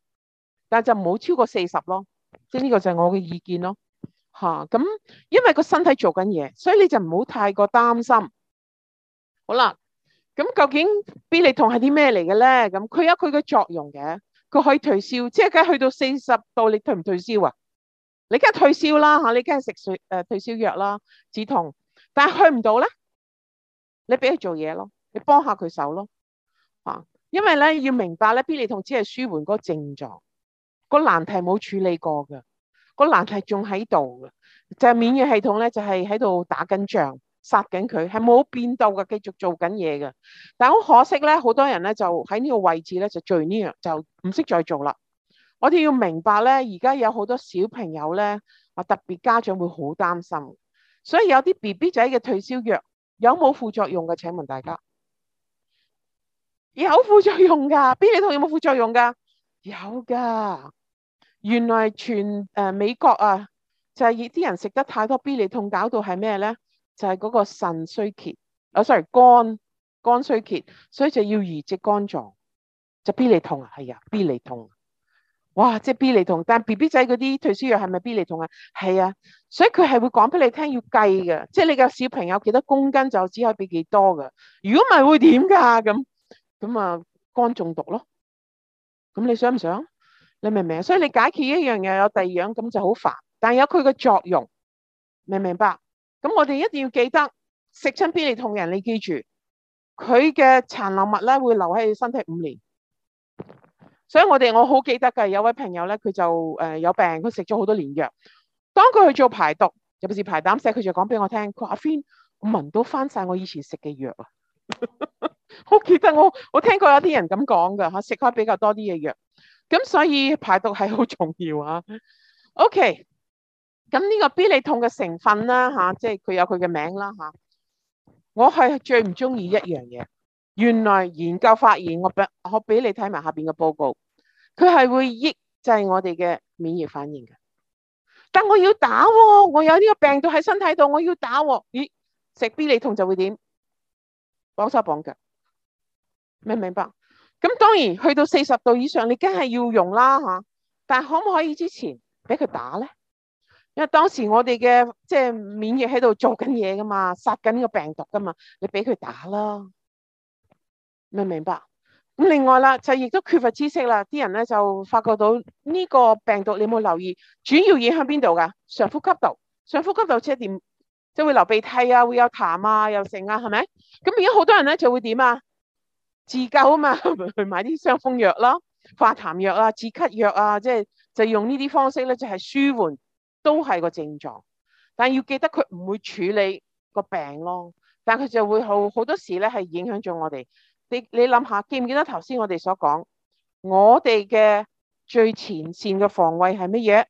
但就唔好超過四十咯，即係呢個就係我嘅意見咯。吓、啊，咁因為個身體做緊嘢，所以你就唔好太過擔心。好啦，咁究竟必理痛係啲咩嚟嘅咧？咁佢有佢嘅作用嘅，佢可以退燒，即係佢去到四十度，你退唔退燒啊？你梗係退燒啦，吓、啊，你梗係食水誒、呃、退燒藥啦，止痛，但係去唔到咧，你俾佢做嘢咯，你幫下佢手咯。因為咧要明白咧，必理痛只係舒緩嗰個症狀，個難題冇處理過噶，個難題仲喺度噶，就係免疫系統咧就係喺度打緊仗，殺緊佢，係冇變道嘅，繼續做緊嘢噶。但好可惜咧，好多人咧就喺呢個位置咧就做呢樣就唔識再做啦。我哋要明白咧，而家有好多小朋友咧，啊特別家長會好擔心，所以有啲 B B 仔嘅退燒藥有冇副作用嘅？請問大家？有副作用噶，必理痛有冇副作用噶？有噶，原來全誒、呃、美國啊，就係、是、啲人食得太多必理痛，搞到係咩咧？就係、是、嗰個腎衰竭啊、哦，sorry 肝肝衰竭，所以就要移植肝臟。就必、是、理痛、就是、啊，係啊，必理痛哇，即係必理痛。但 B B 仔嗰啲退燒藥係咪必理痛啊？係啊，所以佢係會講俾你聽要計噶，即、就、係、是、你個小朋友幾多公斤就只可以俾幾多噶。如果唔係會點噶咁？咁啊，肝中毒咯！咁你想唔想？你明唔明啊？所以你解決一樣嘢，有第二樣咁就好煩。但有佢嘅作用，明唔明白？咁我哋一定要記得食親比利痛人，你記住，佢嘅殘留物咧會留喺你身體五年。所以我哋我好記得嘅有位朋友咧，佢就、呃、有病，佢食咗好多年藥。當佢去做排毒，尤、就、其是排膽石，佢就講俾我聽，佢話 f 我聞到翻晒我以前食嘅藥啊！ [laughs] 好記得我，我聽過有啲人咁講噶吓，食開比較多啲嘅藥，咁所以排毒係好重要啊。OK，咁呢個必理痛嘅成分啦吓，即係佢有佢嘅名啦吓。我係最唔中意一樣嘢，原來研究發現我俾我俾你睇埋下邊嘅報告，佢係會抑制我哋嘅免疫反應嘅。但我要打喎，我有呢個病毒喺身體度，我要打喎。咦，食必理痛就會點？綁手綁腳。明唔明白，咁當然去到四十度以上，你梗係要用啦吓。但係可唔可以之前俾佢打咧？因為當時我哋嘅即係免疫喺度做緊嘢噶嘛，殺緊呢個病毒噶嘛，你俾佢打啦。明唔明白。咁另外啦，就亦都缺乏知識啦，啲人咧就發覺到呢個病毒，你有冇留意？主要影響喺邊度噶？上呼吸道，上呼吸道即係點？即係會流鼻涕啊，會有痰啊，又剩啊，係咪？咁而家好多人咧就會點啊？自救啊嘛，咪去買啲傷風藥啦、化痰藥啊、止咳藥啊，即係就用呢啲方式咧，就係舒緩，都係個症狀。但要記得佢唔會處理個病咯，但佢就會好好多時咧，係影響咗我哋。你你諗下，記唔記得頭先我哋所講，我哋嘅最前線嘅防衞係乜嘢？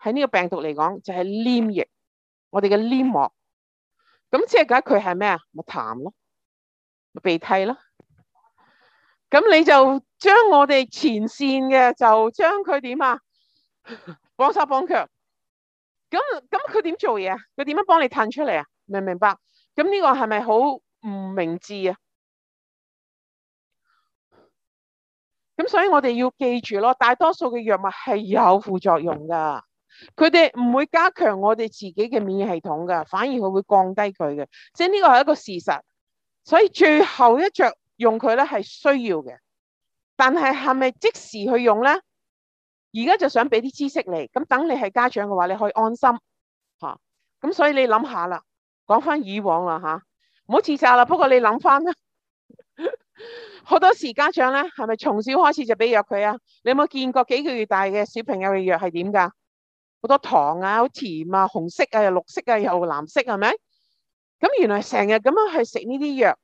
喺呢個病毒嚟講，就係黏液，我哋嘅黏膜。咁即係講佢係咩啊？咪痰咯，鼻涕咯。咁你就將我哋前線嘅，就將佢點啊？綁手綁腳。咁咁佢點做嘢啊？佢點樣幫你褪出嚟啊？明唔明白？咁呢個係咪好唔明智啊？咁所以我哋要記住咯，大多數嘅藥物係有副作用噶，佢哋唔會加強我哋自己嘅免疫系統噶，反而佢會降低佢嘅，即係呢個係一個事實。所以最後一著。用佢咧係需要嘅，但係係咪即時去用咧？而家就想俾啲知識你，咁等你係家長嘅話，你可以安心吓。咁、啊、所以你諗下啦，講翻以往啦吓，唔、啊、好自責啦。不過你諗翻啦，好 [laughs] 多時家長咧，係咪從小開始就俾藥佢啊？你有冇見過幾個月大嘅小朋友嘅藥係點噶？好多糖啊，好甜啊，紅色啊，又綠色啊，又藍色，啊，係咪？咁原來成日咁樣去食呢啲藥。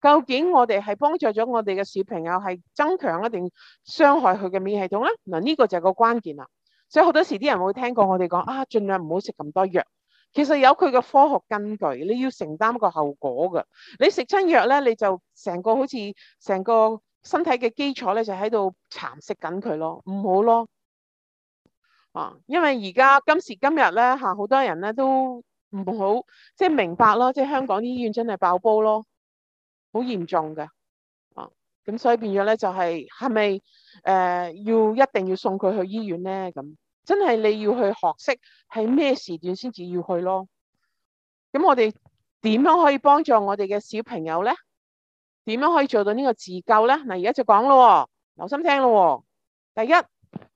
究竟我哋係幫助咗我哋嘅小朋友係增強一定傷害佢嘅免疫系統咧？嗱，呢個就係個關鍵啦。所以好多時啲人會聽過我哋講啊，盡量唔好食咁多藥。其實有佢嘅科學根據，你要承擔個後果㗎。你食親藥咧，你就成個好似成個身體嘅基礎咧，就喺度蠶食緊佢咯，唔好咯。啊，因為而家今時今日咧吓，好多人咧都唔好即係明白咯，即係香港醫院真係爆煲咯。好嚴重噶，啊，咁所以變咗咧就係係咪誒要一定要送佢去醫院咧？咁真係你要去學識係咩時段先至要去咯。咁我哋點樣可以幫助我哋嘅小朋友咧？點樣可以做到呢個自救咧？嗱，啊，而家就講咯，留心聽咯。第一，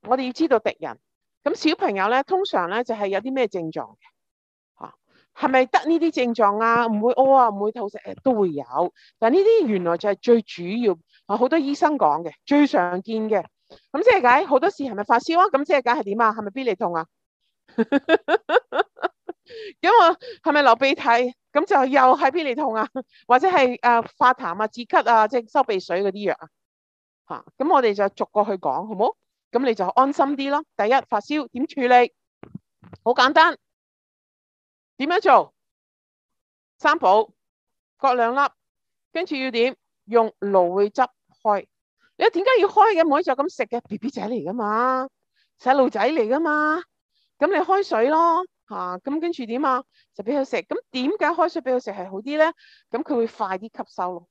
我哋要知道敵人。咁小朋友咧，通常咧就係、是、有啲咩症狀？係咪得呢啲症狀啊？唔會屙啊，唔會肚食、啊，都會有。但呢啲原來就係最主要啊，好多醫生講嘅最常見嘅。咁即係解好多時係咪發燒啊？咁即係解係點啊？係咪必理痛啊？咁我，係咪流鼻涕？咁就又係必理痛啊？或者係誒化痰啊、止咳啊，即係收鼻水嗰啲藥啊？吓，咁我哋就逐個去講，好唔好？咁你就安心啲咯。第一發燒點處理？好簡單。點樣做？三寶各兩粒，跟住要點？用蘆薈汁開。你點解要開嘅？唔可以就咁食嘅，B B 仔嚟噶嘛，細路仔嚟噶嘛。咁你開水咯，吓，咁跟住點啊？就俾佢食。咁點解開水俾佢食係好啲咧？咁佢會快啲吸收咯。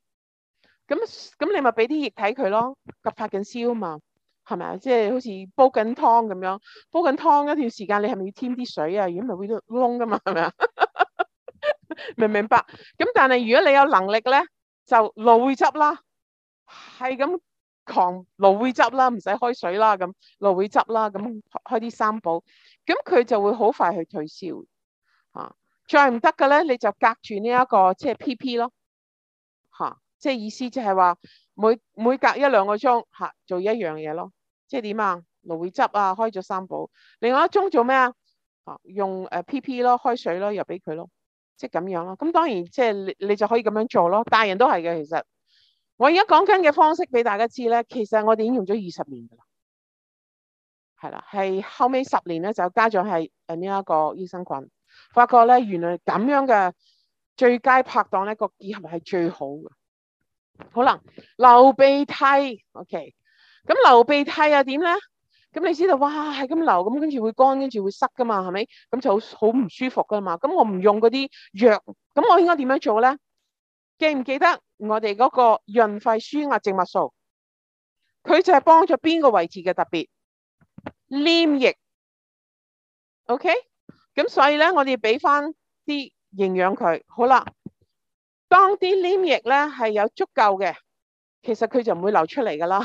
咁咁你咪俾啲液體佢咯，咁發緊燒嘛。係咪啊？即係好似煲緊湯咁樣，煲緊湯一段時間，你係咪要添啲水啊？如果咪係會燶噶嘛，係咪啊？ [laughs] 明唔明白？咁但係如果你有能力咧，就蘆薈汁啦，係咁狂蘆薈汁啦，唔使開水啦，咁蘆薈汁啦，咁開啲三寶，咁佢就會好快去退燒。吓、啊，再唔得嘅咧，你就隔住呢一個即係 PP 咯，吓、啊，即係意思就係話。每每隔一兩個鐘，嚇、啊、做一樣嘢咯，即係點啊？蘆薈汁啊，開咗三寶，另外一鐘做咩啊？啊，用誒 PP 咯，開水咯，入俾佢咯，即係咁樣咯。咁當然即係你你就可以咁樣做咯。大人都係嘅，其實我而家講緊嘅方式俾大家知咧，其實我哋已經用咗二十年噶啦，係啦，係後尾十年咧就加上係誒呢一個益生菌，發覺咧原來咁樣嘅最佳拍檔咧、個結合係最好嘅。可能流鼻涕，OK，咁流鼻涕又點咧？咁你知道，哇，係咁流，咁跟住會乾，跟住會塞噶嘛，係咪？咁就好好唔舒服噶嘛。咁我唔用嗰啲藥，咁我應該點樣做咧？記唔記得我哋嗰個潤肺舒壓植物素？佢就係幫咗邊個位置嘅特別黏液，OK，咁所以咧，我哋俾翻啲營養佢，好啦。當啲黏液咧係有足夠嘅，其實佢就唔會流出嚟噶啦。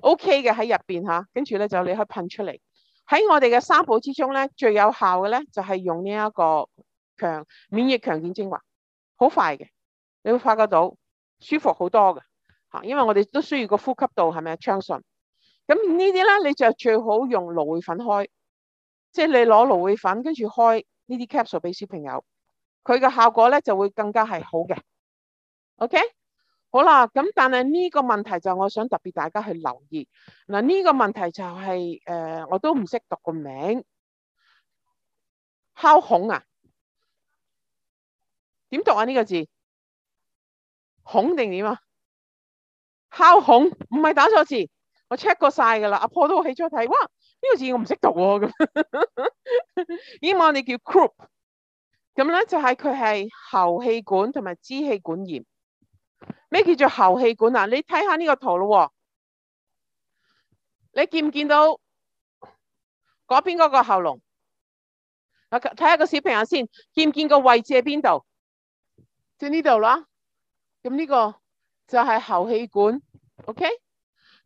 OK 嘅喺入邊嚇，跟住咧就你可以噴出嚟。喺我哋嘅三寶之中咧，最有效嘅咧就係、是、用呢一個強免疫強健精華，好快嘅，你會發覺到舒服好多嘅嚇、啊。因為我哋都需要個呼吸道係咪暢順？咁呢啲咧你就最好用蘆薈粉開，即、就、係、是、你攞蘆薈粉跟住開呢啲 capsule 俾小朋友。佢嘅效果咧就會更加係好嘅，OK？好啦，咁但係呢個問題就我想特別大家去留意。嗱，呢個問題就係、是、誒、呃，我都唔識讀個名字，敲孔啊？點讀啊？呢個字，孔定點啊？敲孔唔係打錯字，我 check 過晒㗎啦。阿婆都起咗睇，哇！呢、這個字我唔識讀喎、啊，咁。 [laughs] 英文我哋叫 croop。咁咧就係佢係喉氣管同埋支氣管炎。咩叫做喉氣管啊？你睇下呢個圖咯，你見唔見到嗰邊嗰個喉嚨？啊，睇下個小朋友先，見唔見個位置喺邊度？即呢度啦。咁呢個就係喉氣管。OK。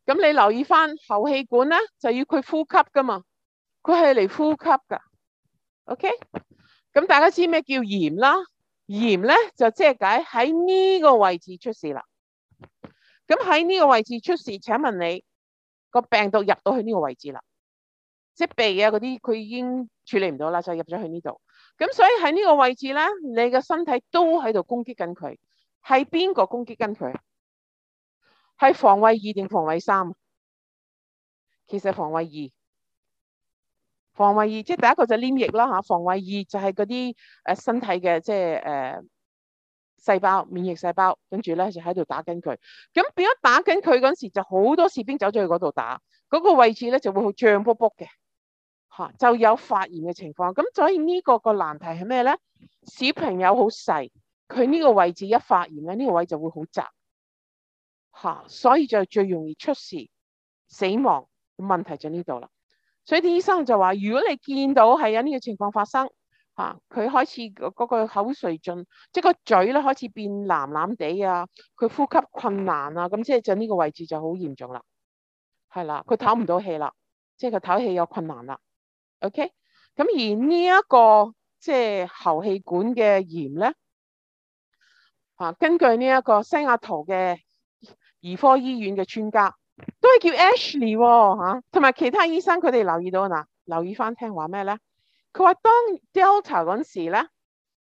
咁你留意翻喉氣管咧，就要佢呼吸噶嘛。佢係嚟呼吸噶。OK。咁大家知咩叫炎啦？炎咧就即係解喺呢個位置出事啦。咁喺呢個位置出事，請問你個病毒入到去呢個位置啦，即鼻啊嗰啲佢已經處理唔到啦，就入咗去呢度。咁所以喺呢個位置咧，你嘅身體都喺度攻擊緊佢。係邊個攻擊緊佢？係防衛二定防衛三？其實防衛二。防衛二即係第一個就黏液啦嚇，防衛二就係嗰啲誒身體嘅即係誒細胞、免疫細胞，跟住咧就喺度打緊佢。咁變咗打緊佢嗰時，就好多士兵走咗去嗰度打，嗰、嗰個位置咧就會好脹卜卜嘅嚇，就有發炎嘅情況。咁所以呢、呢個、個難題係咩咧？小朋友好細，佢呢個位置一發炎咧，呢、呢個位置就會好窄嚇、啊，所以就最容易出事、死亡問題就呢度啦。所以啲醫生就話，如果你見到係有呢個情況發生，吓、啊、佢開始嗰個口水盡，即係個嘴咧開始變藍藍地啊，佢呼吸困難啊，咁即係就呢個位置就好嚴重啦，係啦，佢唞唔到氣啦，即係佢唞氣有困難啦。OK，咁而、這個就是、呢一個即係喉氣管嘅炎咧，吓、啊、根據呢一個西雅圖嘅兒科醫院嘅專家，都係叫 Ashley 喎、哦、同埋、啊、其他醫生佢哋留意到嗱，留意返聽話咩咧？佢話當 Delta 嗰時咧，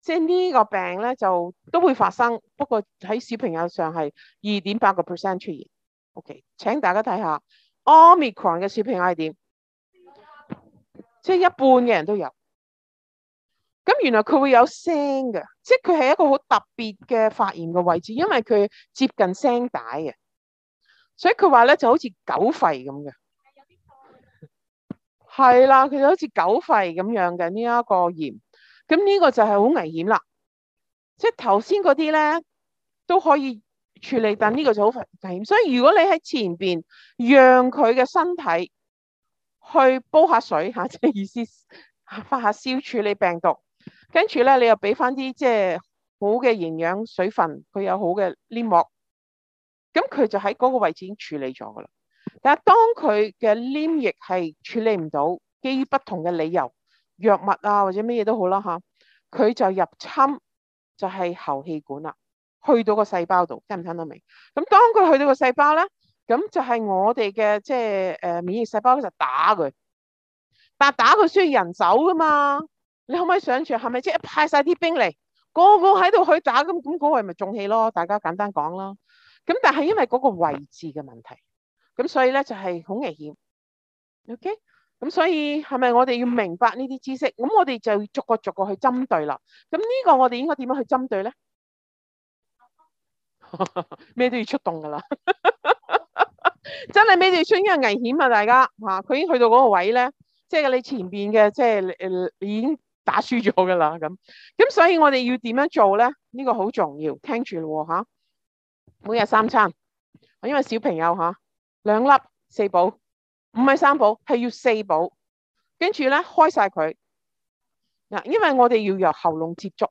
即係呢個病咧就都會發生，不過喺小朋友上係二點八個 percent 出現。OK，請大家睇下 Omicron 嘅小朋友係點，即、就、係、是、一半嘅人都有。咁原來佢會有聲㗎，即係佢係一個好特別嘅發炎嘅位置，因為佢接近聲帶嘅。所以佢話咧就好似狗肺咁嘅，係啦，佢就好似狗肺咁樣嘅呢一個炎，咁呢個就係好危險啦。即係頭先嗰啲咧都可以處理，但呢個就好危險。所以如果你喺前邊讓佢嘅身體去煲下水吓，即係意思發下燒處理病毒，跟住咧你又俾翻啲即係好嘅營養水分，佢有好嘅黏膜。咁佢就喺嗰個位置已經處理咗噶啦。但係當佢嘅黏液係處理唔到，基於不同嘅理由，藥物啊或者乜嘢都好啦嚇，佢就入侵就係、是、喉氣管啦，去到個細胞度，聽唔聽得明？咁當佢去到個細胞咧，咁就係我哋嘅即係誒免疫細胞就打佢，但打佢需要人手噶嘛？你可唔可以上住？係咪即係派晒啲兵嚟，個個喺度去打咁？咁嗰位咪中氣咯？大家簡單講啦。咁但係因為嗰個位置嘅問題，咁所以咧就係、是、好危險。OK，咁所以係咪我哋要明白呢啲知識？咁我哋就逐個逐個去針對啦。咁呢個我哋應該點樣去針對咧？咩 [laughs] 都要出動噶啦！ [laughs] 真係咩都要出，因為危險啊！大家吓，佢、啊、已經去到嗰個位咧，即、就、係、是、你前邊嘅，即係誒，你已經打輸咗噶啦。咁咁，所以我哋要點樣做咧？呢、這個好重要，聽住啦吓。每日三餐，因為小朋友吓兩粒四寶，唔係三寶係要四寶，跟住咧開晒佢。嗱，因為我哋要由喉嚨接觸，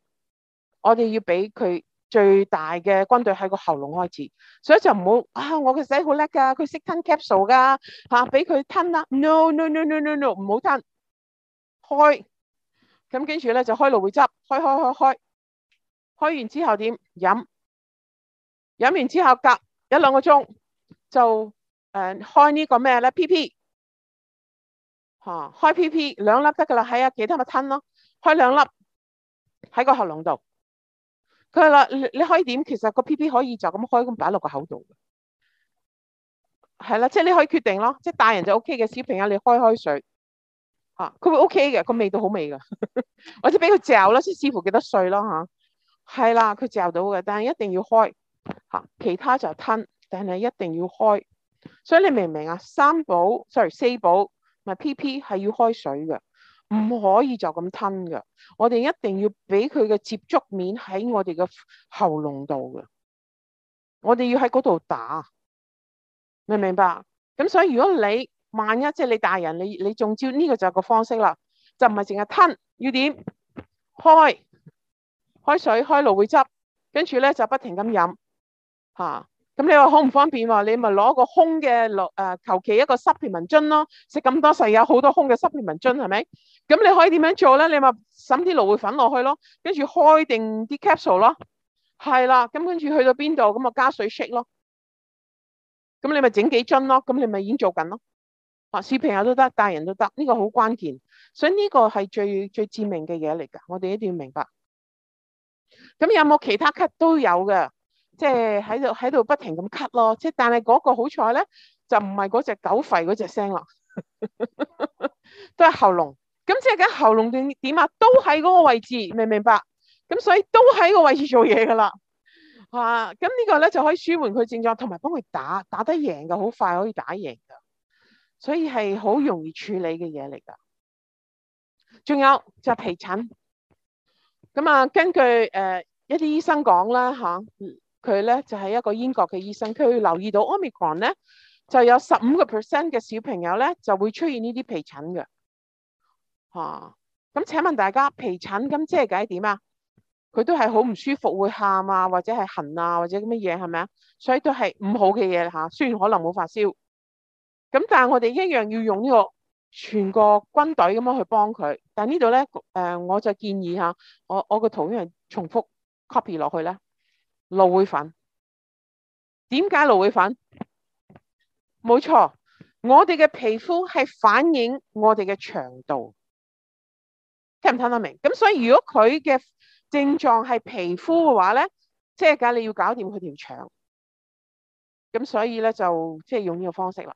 我哋要俾佢最大嘅軍隊喺個喉嚨開始，所以就唔好啊！我個仔好叻噶，佢識吞 capsule 噶吓，俾、啊、佢吞啦、啊。No no no no no no，唔好吞，開。咁跟住咧就開蘆薈汁，開開開開，開完之後點飲？飲飲完之後隔一兩個鐘就誒、呃、開個呢個咩咧 PP 吓開 PP 兩粒得噶啦，係啊，其他咪吞咯，開兩粒喺個喉嚨度。佢話啦，你可以點？其實個 PP 可以就咁開咁擺落個口度。係啦、啊，即係你可以決定咯。即係大人就 OK 嘅，小朋友、啊、你開開水吓，佢、啊、會 OK 嘅，個味道好味噶。 [laughs] 或者俾佢嚼啦，先視乎幾多歲咯吓。係啦、啊，佢嚼到嘅，但係一定要開。其他就吞，但係一定要開，所以你明唔明啊？三寶 sorry 四寶咪 PP 係要開水嘅，唔可以就咁吞嘅。我哋一定要俾佢嘅接觸面喺我哋嘅喉嚨度嘅，我哋要喺嗰度打，明唔明白？咁所以如果你萬一即係、就是、你大人你你中招呢個就係個方式啦，就唔係淨係吞，要點開開水開蘆薈汁，跟住咧就不停咁飲。吓，咁、啊、你話好唔方便話，你咪攞個空嘅落誒，求、呃、其一個濕皮文樽咯，食咁多食有好多空嘅濕皮文樽係咪？咁你可以點樣做咧？你咪搵啲蘆薈粉落去咯，跟住開定啲 capsule 咯，係啦，咁跟住去到邊度咁就加水 shake 咯，咁你咪整幾樽咯，咁你咪已經做緊咯。啊，小朋友都得，大人都得，呢、呢個好關鍵，所以呢個係最最致命嘅嘢嚟噶，我哋一定要明白。咁有冇其他 cut 都有嘅？即係喺度喺度不停咁咳咯，即係但係嗰個好彩咧，就唔係嗰隻狗吠嗰隻聲咯，都係喉嚨。咁即係而家喉嚨點點啊？都喺嗰個位置，明唔明白？咁所以都喺個位置做嘢噶啦，吓咁、嗯啊、呢個咧就可以舒緩佢症狀，同埋幫佢打打得贏噶，好快可以打贏噶，所以係好容易處理嘅嘢嚟噶。仲有就係皮疹，咁啊，根據誒、呃、一啲醫生講啦，吓、啊。佢咧就係、是、一個英國嘅醫生，佢會留意到 Omicron 咧就有十五個 percent 嘅小朋友咧就會出現呢啲皮疹嘅嚇。咁、啊、請問大家皮疹咁即係點啊？佢都係好唔舒服，會喊啊，或者係痕啊，或者乜嘢係咪啊？所以都係唔好嘅嘢嚇。雖然可能冇發燒，咁但係我哋一樣要用呢個全個軍隊咁樣去幫佢。但呢度咧誒，我就建議嚇我我個圖一樣重複 copy 落去咧。蘆薈粉，點解蘆薈粉？冇錯，我哋嘅皮膚係反映我哋嘅腸道，聽唔聽得明？咁所以如果佢嘅症狀係皮膚嘅話咧，即係噶，你要搞掂佢條腸。咁所以咧就即係用呢個方式啦，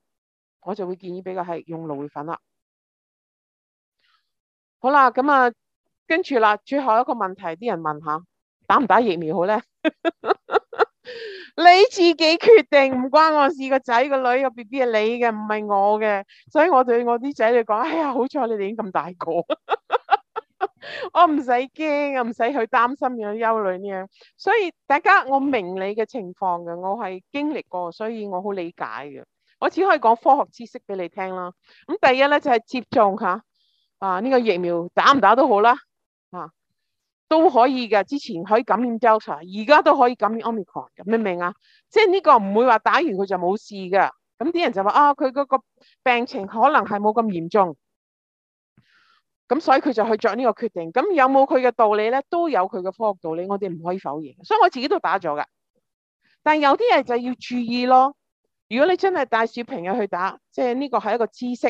我就會建議畀佢係用蘆薈粉啦。好啦，咁啊，跟住啦，最後一個問題，啲人問一下。打唔打疫苗好咧？ [laughs] 你自己決定，唔關我事。個仔、個女、個 B B 係你嘅，唔係我嘅。所以我對我啲仔女講，哎呀，好彩你哋已經咁大個， [laughs] 我唔使驚，我唔使去擔心嘅、憂慮呢樣。所以大家，我明你嘅情況嘅，我係經歷過，所以我好理解嘅。我只可以講科學知識俾你聽啦。咁第一咧就係、是、接種吓，啊呢、這個疫苗打唔打都好啦。都可以嘅，之前可以感染 Delta，而家都可以感染 Omicron，明唔明啊？即係呢個唔會話打完佢就冇事嘅，咁啲人就話啊，佢嗰個病情可能係冇咁嚴重，咁所以佢就去作呢個決定。咁有冇佢嘅道理咧？都有佢嘅科學道理，我哋唔可以否認。所以我自己都打咗嘅，但有啲人就要注意咯。如果你真係帶小朋友去打，即係呢個係一個知識。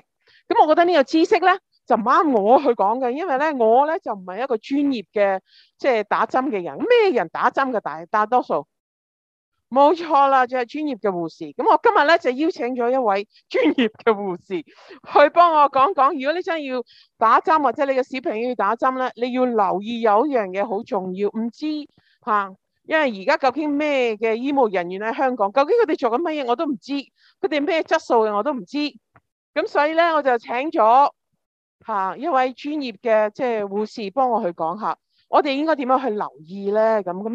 咁我覺得呢個知識咧。就唔啱我去講嘅，因為咧我咧就唔係一個專業嘅即係打針嘅人。咩人打針嘅大大多數冇錯啦，就係專業嘅護士。咁我今日咧就邀請咗一位專業嘅護士去幫我講講。如果你真係要打針或者你嘅小朋友要打針咧，你要留意有一樣嘢好重要，唔知嚇？因為而家究竟咩嘅醫務人員喺香港究竟佢哋做緊乜嘢我都唔知，佢哋咩質素嘅我都唔知。咁所以咧我就請咗。吓、嗯，一位專業嘅即係護士幫我去講下，我哋應該點樣去留意咧？咁咁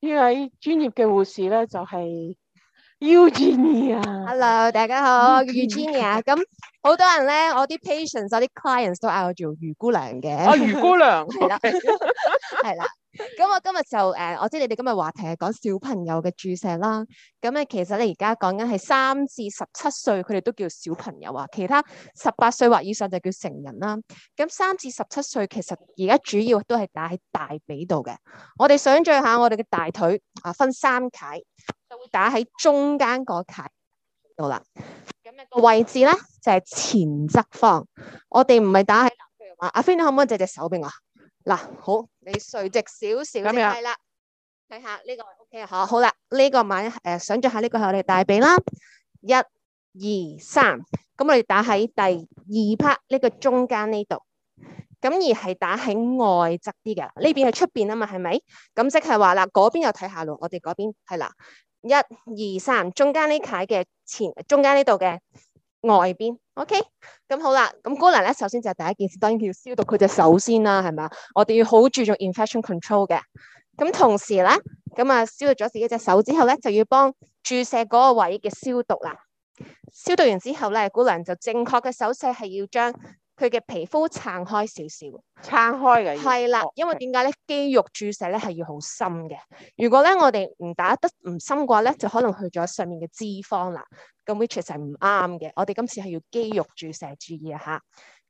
呢位專業嘅護士咧就係、是、Eugenia。Hello，大家好，Eugenia。咁好多人咧，我啲 patients、我啲 clients 都嗌我做余姑娘嘅。阿余、啊、姑娘，係啦，係啦。咁我今日就誒，我知你哋今日話題係講小朋友嘅注射啦。咁啊，其實你而家講緊係三至十七歲，佢哋都叫小朋友啊。其他十八歲或以上就叫成人啦。咁三至十七歲，其實而家主要都係打喺大髀度嘅。我哋想象下，我哋嘅大腿啊，分三楷，就會打喺中間嗰楷度啦。咁啊，個位置咧就係前側方。我哋唔係打喺，阿 Finn 你可唔可以借隻手俾我？嗱，好，你垂直少少咁樣係啦，睇了下呢、這個 OK 啊，好，好、這個呃、這個是啦，呢、這個買誒，想象下呢個係我哋大髀啦，一、二、三，咁我哋打喺第二 part 呢個中間呢度，咁而係打喺外側啲嘅，呢邊係出邊啊嘛，係咪？咁即係話啦，嗰邊又睇下咯，我哋嗰邊係啦，一、二、三，中間呢塊嘅前，中間呢度嘅。外邊，OK，咁好啦。咁姑娘咧，首先就係第一件事，當然要消毒佢隻手先啦，係咪啊？我哋要好注重 infection control 嘅。咁同時咧，咁啊，消毒咗自己隻手之後咧，就要幫注射嗰個位嘅消毒啦。消毒完之後咧，姑娘就正確嘅手勢係要將。佢嘅皮膚撐開少少，撐開嘅，係啦的，哦、因為點解咧？肌肉注射咧係要好深嘅。如果咧我哋唔打得唔深嘅話咧，就可能去咗上面嘅脂肪啦。咁 which is 係唔啱嘅。我哋今次係要肌肉注射，注意啊嚇。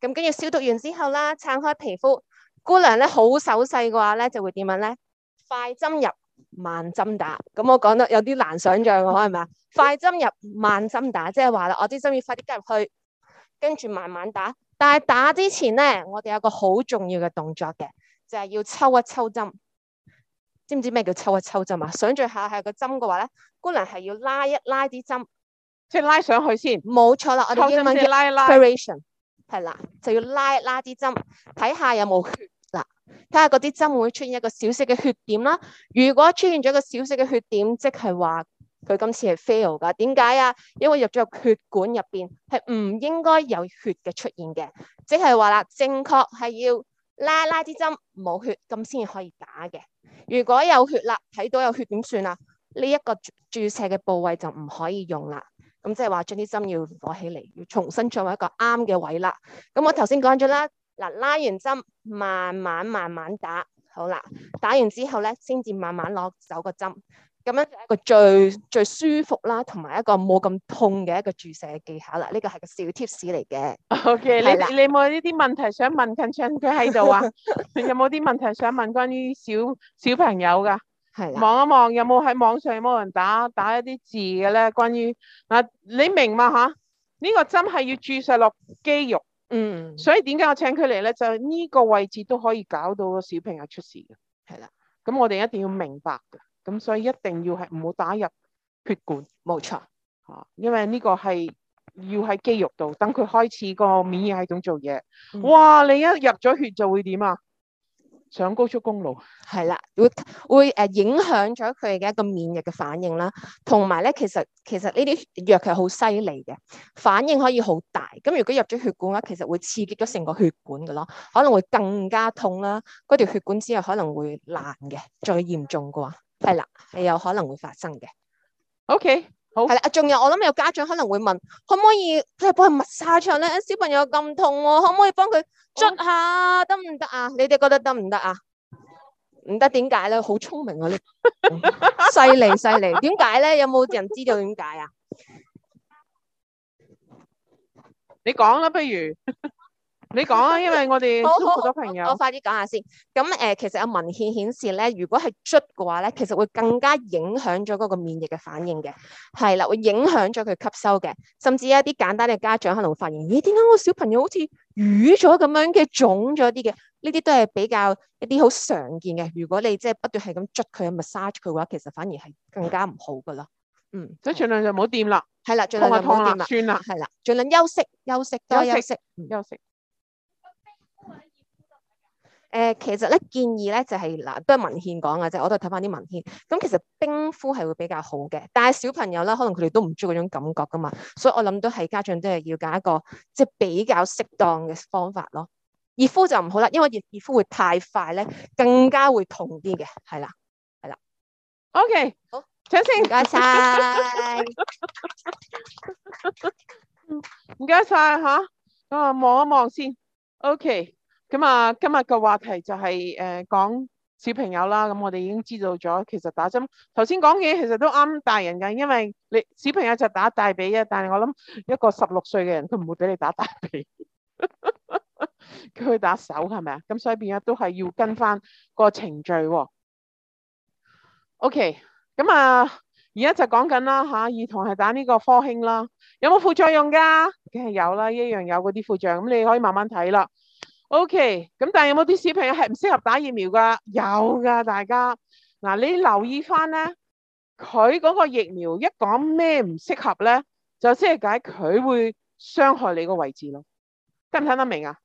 咁跟住消毒完之後啦，撐開皮膚，姑娘咧好手勢嘅話咧，就會點樣咧？快針入，慢針打。咁我講得有啲難想像喎，係咪啊？ [laughs] 快針入，慢針打，即係話啦，我啲針要快啲加入去，跟住慢慢打。但係打之前咧，我哋有一個好重要嘅動作嘅，就係要抽一抽針。知唔知咩叫抽一抽針呀？想象下係個針嘅話咧，姑娘係要拉一拉啲針，即係拉上去先。冇錯啦，我哋英文叫拉拉係啦，就要拉一拉啲針，睇下有冇血啦，睇下嗰啲針會出現一個小息嘅血點啦。如果出現咗一個小息嘅血點，即係話。佢今次係 fail 噶，點解啊？因為入咗血管，入邊係唔應該有血嘅出現嘅。即係話啦，正確係要拉拉啲針冇血咁先至可以打嘅。如果有血啦，睇到有血點算啊？呢一個注射嘅部位就唔可以用啦。咁即係話將啲針要攞起嚟，要重新揾一個啱嘅位啦。咁我頭先講咗啦，嗱，拉完針，慢慢慢慢打，好啦，打完之後咧先至慢慢攞走個針。咁樣就係一個最最舒服啦，同埋一個冇咁痛嘅一個注射嘅技巧啦。呢個係個小 tips 嚟嘅。O Okay , K，啦你你有冇呢啲問題想問？趁佢喺度啊， [laughs] 有冇啲問題想問關於小小朋友噶係望啦一望有冇喺有網上有冇人打打一啲字嘅咧？關於嗱，你明嘛吓？呢、這個針係要注射落肌肉。嗯，嗯。所以點解我請佢嚟咧？就呢個位置都可以搞到個小朋友出事嘅。係啦，咁我哋一定要明白嘅。咁所以一定要係唔好打入血管，冇錯吓，因為呢個係要喺肌肉度，等佢開始個免疫系統做嘢。嗯、哇，你一入咗血就會點啊？上高速公路係啦，會會誒影響咗佢嘅一個免疫嘅反應啦，同埋咧，其實其實呢啲藥係好犀利嘅，反應可以好大。咁如果入咗血管嘅話，其實會刺激咗成個血管噶咯，可能會更加痛啦。嗰條血管之後可能會爛嘅，最嚴重嘅話。係啦，係有可能會發生嘅。OK，好。係啦，仲有我諗有家長可能會問，可唔可以即係幫佢抹沙場咧？小朋友咁痛，啊，可唔可以幫佢捽下？得唔得啊？你哋覺得得唔得啊？唔得，點解咧？好聰明啊！你，犀利犀利，點解咧？有冇人知道點解啊？你講啦，不如。 [laughs] 你講啊，因為我哋好多朋友，好好好好我快啲講下先。咁誒、呃，其實有文獻顯示咧，如果係捽嘅話咧，其實會更加影響咗嗰個免疫嘅反應嘅。係啦，會影響咗佢吸收嘅，甚至一啲簡單嘅家長可能會發現，咦、欸，點解我小朋友好似瘀咗咁樣嘅腫咗啲嘅？呢啲都係比較一啲好常見嘅。如果你即係不斷係咁捽佢啊 massage 佢嘅話，其實反而係更加唔好噶啦、嗯。嗯，所以儘量就唔好掂啦，係啦，儘量唔好掂啦，算啦，係啦，儘量休息休息多休息，休息。誒、呃，其實咧建議咧就係、是、嗱，都係文獻講噶啫，我都係睇翻啲文獻。咁其實冰敷係會比較好嘅，但係小朋友咧，可能佢哋都唔中意嗰種感覺噶嘛，所以我諗都係家長都係要揀一個即係、就是、比較適當嘅方法咯。熱敷就唔好啦，因為熱熱敷會太快咧，更加會痛啲嘅，係啦，係啦、啊。OK，好，請先唔該晒，唔該晒吓，啊望一望先，OK。咁啊，今日嘅話題就係、是、誒、呃、講小朋友啦。咁我哋已經知道咗，其實打針頭先講嘅其實都啱大人㗎，因為你小朋友就打大髀啊。但係我諗一個十六歲嘅人，佢唔會俾你打大髀，佢 [laughs] 去打手係咪啊？咁所以變咗都係要跟翻個程序喎、哦。OK，咁啊，而家就講緊啦嚇，兒、啊、童係打呢個科興啦，有冇副作用㗎？梗係有啦，一樣有嗰啲副作用。咁你可以慢慢睇啦。O.K.，咁但係有冇啲小朋友係唔適合打疫苗噶？有噶，大家嗱，你留意翻咧，佢嗰個疫苗一講咩唔適合咧，就即係解佢會傷害你個位置咯，得唔聽得明啊？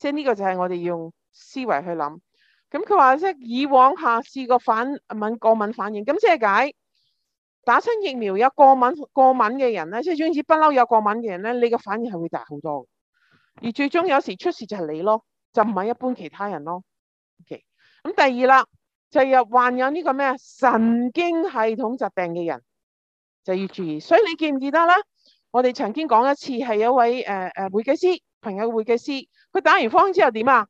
即係呢個就係我哋要用思維去諗。咁佢話即係以往下試過反敏過敏反應，咁即係解打親疫苗有過敏過敏嘅人咧，即係總之不嬲有過敏嘅人咧，你個反應係會大好多。而最終有時出事就係你咯，就唔係一般其他人咯。O K，咁第二啦，就係又患有呢個咩啊神經系統疾病嘅人就要注意。所以你記唔記得啦？我哋曾經講一次係有位誒誒會計師朋友，會計師佢打完方之後點啊，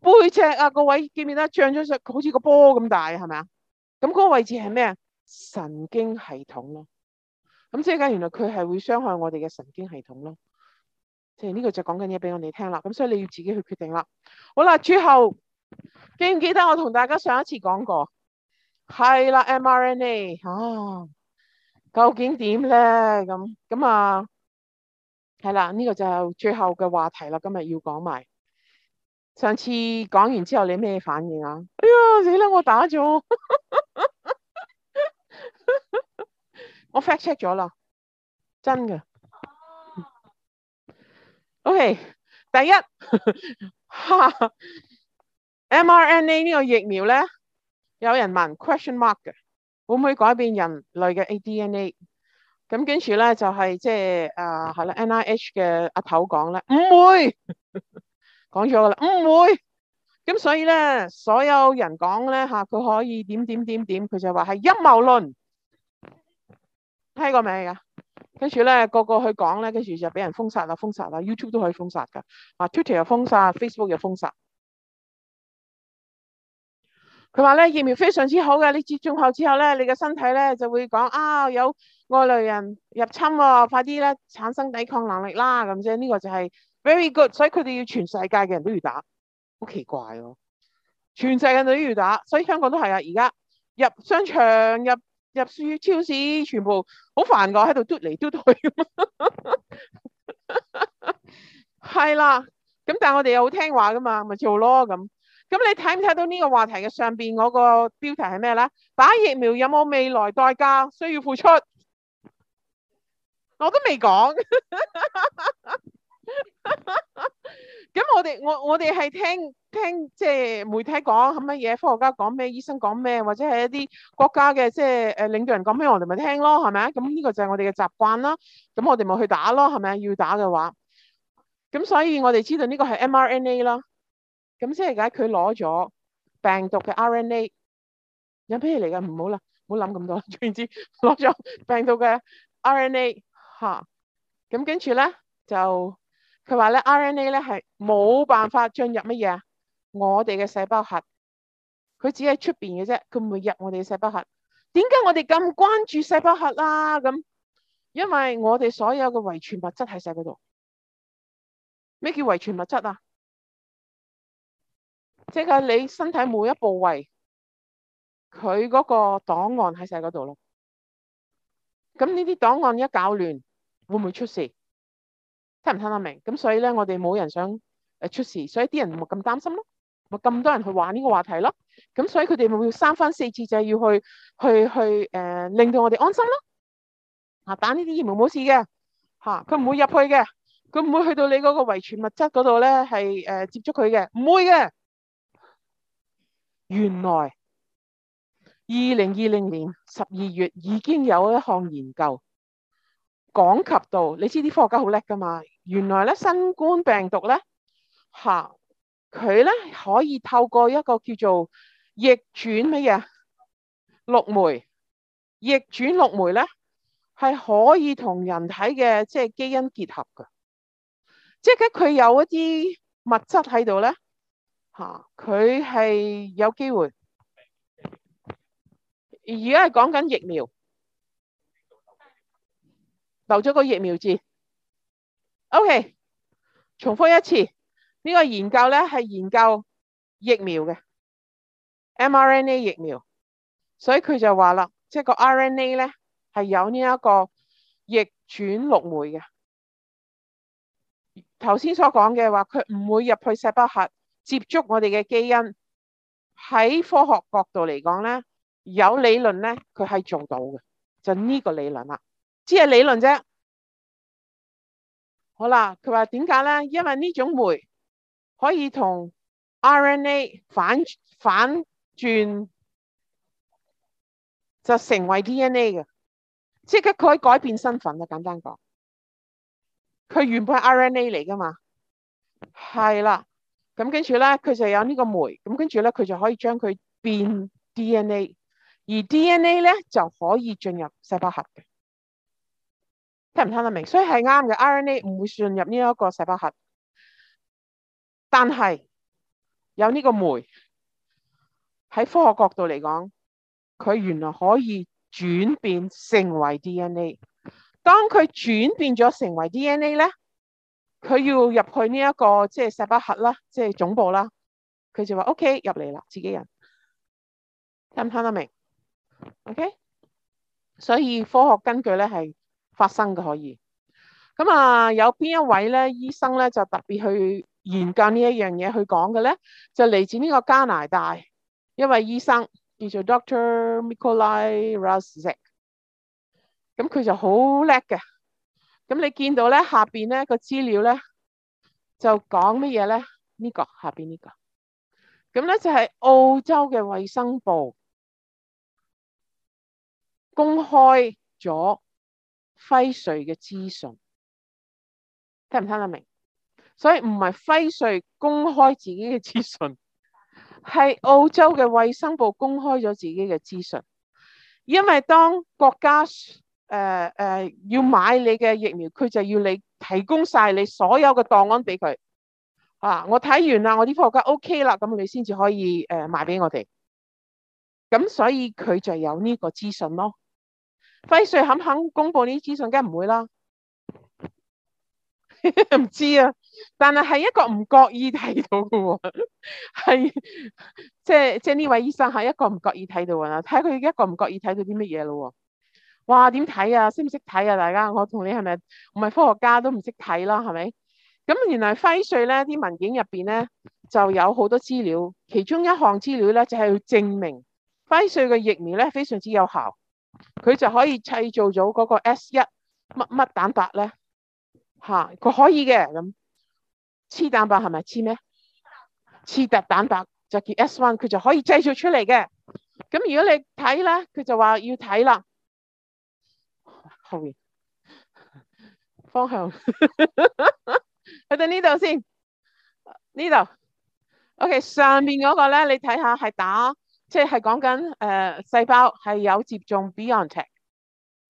背脊啊個位記唔記得脹咗好似個波咁大係咪啊？咁嗰個位置係咩啊？神經系統咯。咁即係講原來佢係會傷害我哋嘅神經系統咯。呢個就講緊嘢俾我哋聽啦，咁所以你要自己去決定啦。好啦，最後記唔記得我同大家上一次講過，係啦，mRNA 啊，究竟點咧？咁咁啊，係啦，呢個就最後嘅話題啦。今日要講埋，上次講完之後你咩反應啊？哎呀，死啦，我打咗，我 fact check 咗啦，真嘅。O.K. 第一，哈 [laughs] ，mRNA 呢個疫苗咧，有人問 question mark 嘅，會唔會改變人類嘅 A.D.N.A.？咁跟住咧就係即係誒係啦，N.I.H. 嘅阿頭講咧，唔 [laughs] 會，講錯啦，唔會。咁所以咧，所有人講咧吓，佢、啊、可以點點點點，佢就話係陰謀論。聽過未噶？跟住咧，個個去講咧，跟住就俾人封殺啦，封殺啦，YouTube 都可以封殺噶，啊，Twitter 又封殺，Facebook 又封殺。佢話咧，疫苗非常之好嘅，你接種後之後咧，你嘅身體咧就會講啊，有外來人入侵，哦，快啲咧產生抵抗能力啦，咁啫。呢個就係 very good，所以佢哋要全世界嘅人都要打，好奇怪咯，哦，全世界人都要打，所以香港都係啊，而家入商場入。入超市，全部好煩噶，喺度嘟嚟嘟去咁啊，係啦。咁但係我哋又好聽話噶嘛，咪做咯咁。咁你睇唔睇到呢個話題嘅上邊嗰個標題係咩咧？打疫苗有冇未來代價需要付出？我都未講。咁我哋我我哋係聽。聽即係媒體講係乜嘢，科學家講咩，醫生講咩，或者係一啲國家嘅即係誒領導人講咩，我哋咪聽咯，係咪啊？咁呢個就係我哋嘅習慣咯。咁我哋咪去打咯，係咪啊？要打嘅話，咁所以我哋知道呢個係 mRNA 咯。咁即係，而家佢攞咗病毒嘅 RNA 有咩嚟噶？唔好喇，唔好諗咁多。總之，攞咗病毒嘅 RNA 吓。咁跟住咧就佢話咧 RNA 咧係冇辦法進入乜嘢啊？我哋嘅細胞核，佢只係出邊嘅啫，佢唔會入我哋嘅細胞核。點解我哋咁關注細胞核啦？咁，因為我哋所有嘅遺傳物質喺晒嗰度。咩叫遺傳物質啊？即係你身體每一部位，佢嗰個檔案喺晒嗰度咯。咁呢啲檔案一搞亂，會唔會出事？聽唔聽得明？咁所以咧，我哋冇人想誒出事，所以啲人唔冇咁擔心咯。咪咁多人去玩呢個話題咯，咁所以佢哋咪會三番四次就係要去去去誒，令到我哋安心咯。吓，打呢啲疫苗冇事嘅，吓佢唔會入去嘅，佢唔會去到你嗰個遺傳物質嗰度咧，係誒接觸佢嘅，唔會嘅。原來二零二零年十二月已經有一項研究講及到，你知啲科學家好叻噶嘛？原來咧新冠病毒咧，吓。佢咧可以透過一個叫做逆轉乜嘢？錄酶，逆轉錄酶咧，係可以同人體嘅即係基因結合噶，即係佢有一啲物質喺度咧，吓佢係有機會。而家係講緊疫苗，漏咗個疫苗字。OK，重複一次。呢個研究咧係研究疫苗嘅 mRNA 疫苗，所以佢就話啦，即係個 RNA 咧係有呢一個逆轉錄酶嘅。頭先所講嘅話，佢唔會入去細胞核接觸我哋嘅基因。喺科學角度嚟講咧，有理論咧，佢係做到嘅，就呢個理論啦，只係理論啫。好啦，佢話點解咧？因為呢種酶。可以同 RNA 反反轉就成為 DNA 嘅，即刻佢可以改變身份啊，簡單講，佢原本係 RNA 嚟噶嘛，係啦。咁跟住咧，佢就有呢個酶，咁跟住咧，佢就可以將佢變 DNA，而 DNA 咧就可以進入細胞核嘅。聽唔聽得明？所以係啱嘅，RNA 唔會進入呢一個細胞核。但係有呢個酶喺科學角度嚟講，佢原來可以轉變成為 D N A。當佢轉變咗成為 D N A 咧，佢要入去呢一個即係細胞核啦，即係總部啦，佢就話：O K 入嚟啦，自己人，聽唔聽得明？OK，所以科學根據咧係發生嘅可以。咁啊，有邊一位咧醫生咧就特別去。研究這件事呢一樣嘢去講嘅咧，就嚟自呢個加拿大一位醫生，叫做 Doctor Mikolaj Raszek。咁佢就好叻嘅。咁你見到咧下邊咧個資料咧，就講乜嘢咧？呢個下邊呢個，咁咧、這個、就係澳洲嘅衛生部公開咗輝瑞嘅資訊，聽唔聽得明？所以唔係輝瑞公開自己嘅資訊，係澳洲嘅衛生部公開咗自己嘅資訊。因為當國家誒誒、呃呃、要買你嘅疫苗，佢就要你提供晒你所有嘅檔案俾佢。吓、啊，我睇完啦，我啲科學家 OK 啦，咁你先至可以誒賣俾我哋。咁所以佢就有呢個資訊咯。輝瑞肯肯公佈呢啲資訊，梗係唔會啦。唔 [laughs] 知啊。但係係一個唔覺意睇到㗎喎，係即係即係呢位醫生係一個唔覺意睇到㗎喇！睇佢一個唔覺意睇到啲乜嘢咯？哇！點睇啊？識唔識睇啊？大家我同你係咪唔係科學家都唔識睇啦？係咪？咁原來輝瑞咧啲文件入邊咧就有好多資料，其中一項資料咧就係、是、要證明輝瑞嘅疫苗咧非常之有效，佢就可以製造咗嗰個 S1 乜乜蛋白咧吓，佢、啊、可以嘅咁。黐蛋白係咪黐咩？黐突蛋白就叫 S1，佢就可以製造出嚟嘅。咁如果你睇咧，佢就話要睇啦。後面方向去 [laughs] 到呢度先，這 okay，呢度 OK。上邊嗰個咧，你睇下係打，即係講緊誒細胞係有接種 BioNTech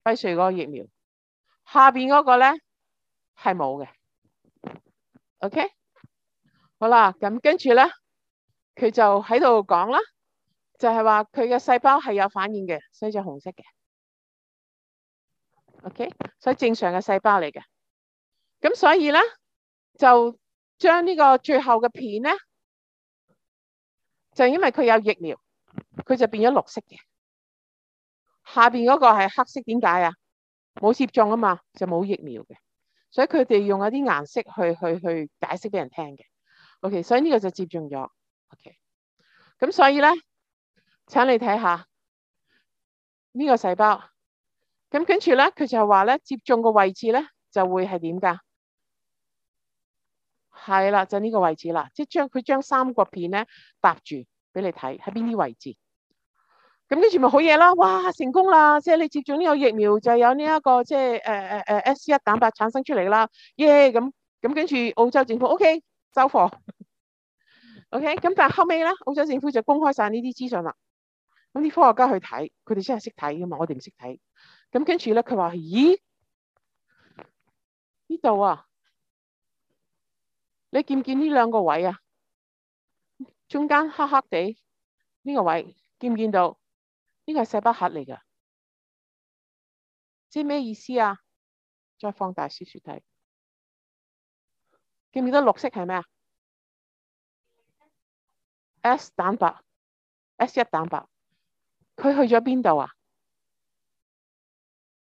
輝瑞嗰個疫苗。下邊嗰個咧係冇嘅。OK，好啦，咁跟住咧，佢就喺度講啦，就係話佢嘅細胞係有反應嘅，所以就紅色嘅。OK，所以正常嘅細胞嚟嘅。咁所以咧，就將呢個最後嘅片咧，就因為佢有疫苗，佢就變咗綠色嘅。下邊嗰個係黑色，點解啊？冇接種啊嘛，就冇疫苗嘅。所以佢哋用一啲顏色去去去解釋俾人聽嘅，OK，所以呢個就接種咗，OK，咁所以咧，請你睇下呢個細胞，咁跟住咧佢就話咧接種個位置咧就會係點噶，係啦，就呢個位置啦，即係將佢將三角片咧搭住俾你睇，喺邊啲位置。咁跟住咪好嘢啦！哇，成功啦！即係你接種呢個疫苗就有呢一個即係誒誒誒 S 一蛋白產生出嚟啦，耶！咁咁跟住澳洲政府 OK 收貨 [laughs] ，OK 咁但係後尾咧，澳洲政府就公開晒呢啲資訊啦。咁啲科學家去睇，佢哋真係識睇㗎嘛？我哋唔識睇。咁跟住咧，佢話：咦，呢度啊，你見唔見呢兩個位啊？中間黑黑地呢個位，見唔見到？呢個細胞核嚟噶，知咩意思啊？再放大少少睇，見唔見到綠色係咩啊？S 蛋白，S 一蛋白，佢去咗邊度啊？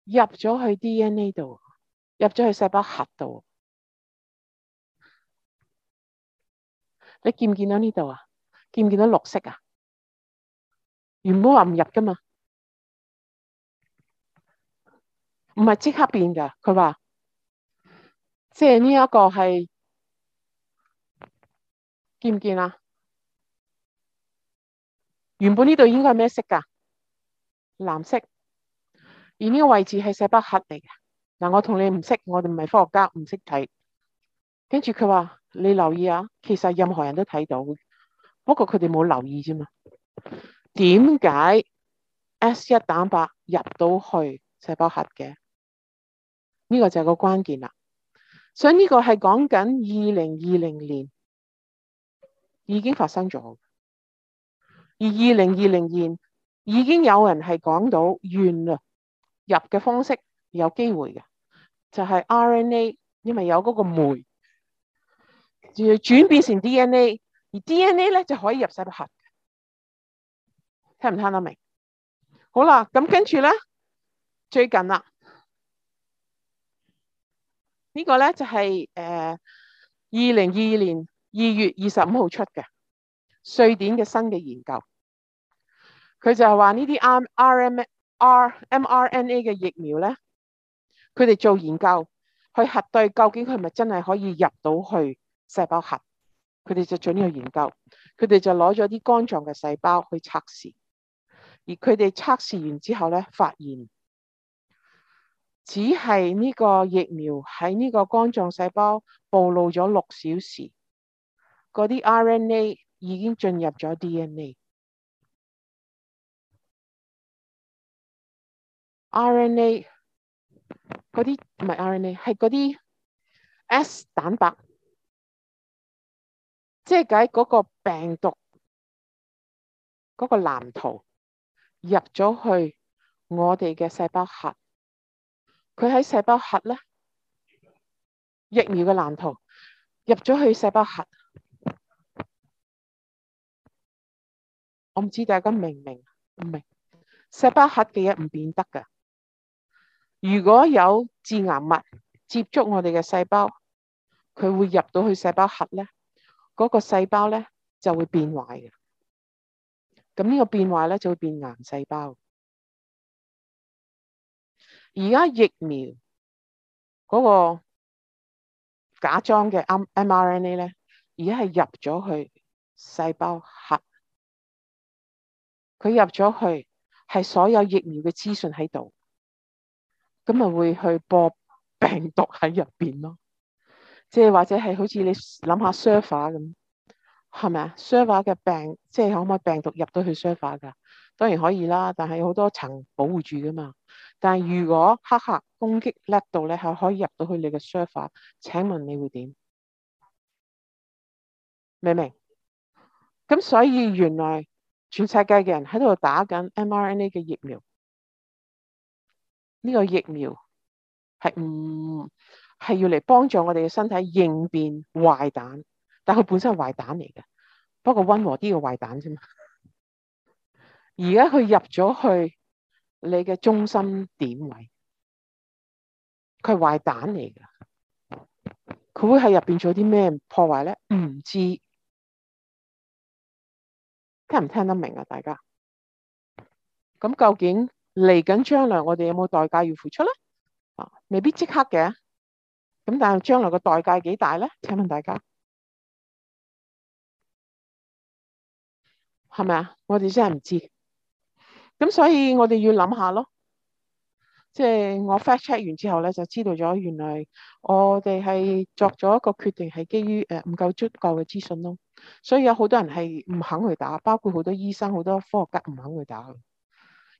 入咗去 DNA 度，入咗去細胞核度。你見唔見到呢度啊？見唔見到綠色啊？原本話唔入噶嘛，唔係即刻變噶。佢話即係呢一個係見唔見啊？原本呢度應該係咩色噶？藍色。而呢個位置係石北盒嚟嘅。嗱，我同你唔識，我哋唔係科學家，唔識睇。跟住佢話你留意啊，其實任何人都睇到，不過佢哋冇留意啫嘛。點解 S 一蛋白入到去細胞核嘅？呢、這個就係個關鍵啦。所以呢個係講緊二零二零年已經發生咗，而二零二零年已經有人係講到完啦，入嘅方式有機會嘅，就係、是、RNA 因為有嗰個酶要轉變成 DNA，而 DNA 咧就可以入細胞核。聽唔聽得明？好啦，咁跟住咧，最近啦，呢個咧就係誒二零二二年二月二十五號出嘅瑞典嘅新嘅研究。佢就係話呢啲 R R M R M R N A 嘅疫苗咧，佢哋做研究去核對究竟佢係咪真係可以入到去細胞核。佢哋就做呢個研究，佢哋就攞咗啲肝臟嘅細胞去測試。而佢哋測試完之後咧，發現只係呢個疫苗喺呢個肝臟細胞暴露咗六小時，嗰啲 RNA 已經進入咗 DNA。RNA 嗰啲唔係 RNA 係嗰啲 S 蛋白，即係解嗰個病毒，嗰個藍圖。入咗去我哋嘅細胞核，佢喺細胞核咧，疫苗嘅藍圖入咗去細胞核，我唔知大家明唔明？唔明，細胞核嘅嘢唔變得噶。如果有致癌物接觸我哋嘅細胞，佢會入到去細胞核咧，嗰個細胞咧就會變壞嘅。咁呢個變化咧就會變癌細胞。而家疫苗嗰個假裝嘅 mRNA 咧，而家係入咗去細胞核，佢入咗去係所有疫苗嘅資訊喺度，咁咪會去播病毒喺入邊咯，即係或者係好似你諗下 server 咁。係咪啊？server 嘅病即係可唔可以病毒入到去 server 噶？當然可以啦，但係有好多層保護住噶嘛。但係如果黑客攻擊叻度咧，係可以入到去你嘅 server，請問你會點？明明？咁所以原來全世界嘅人喺度打緊 mRNA 嘅疫苗，呢、這個疫苗係唔係要嚟幫助我哋嘅身體應變壞蛋？但佢本身係壞蛋嚟嘅，不過溫和啲嘅壞蛋啫嘛。而家佢入咗去你嘅中心點位，佢係壞蛋嚟嘅，佢會喺入邊做啲咩破壞咧？唔知聽唔聽得明啊？大家咁究竟嚟緊將來我哋有冇代價要付出咧？啊，未必即刻嘅。咁但係將來個代價幾大咧？請問大家？係咪？啊？我哋真係唔知，咁所以我哋要諗下咯。即係我 fact check 完之後咧，就知道咗原來我哋係作咗一個決定，係基於誒唔夠足夠嘅資訊咯。所以有好多人係唔肯去打，包括好多醫生、好多科學家唔肯去打，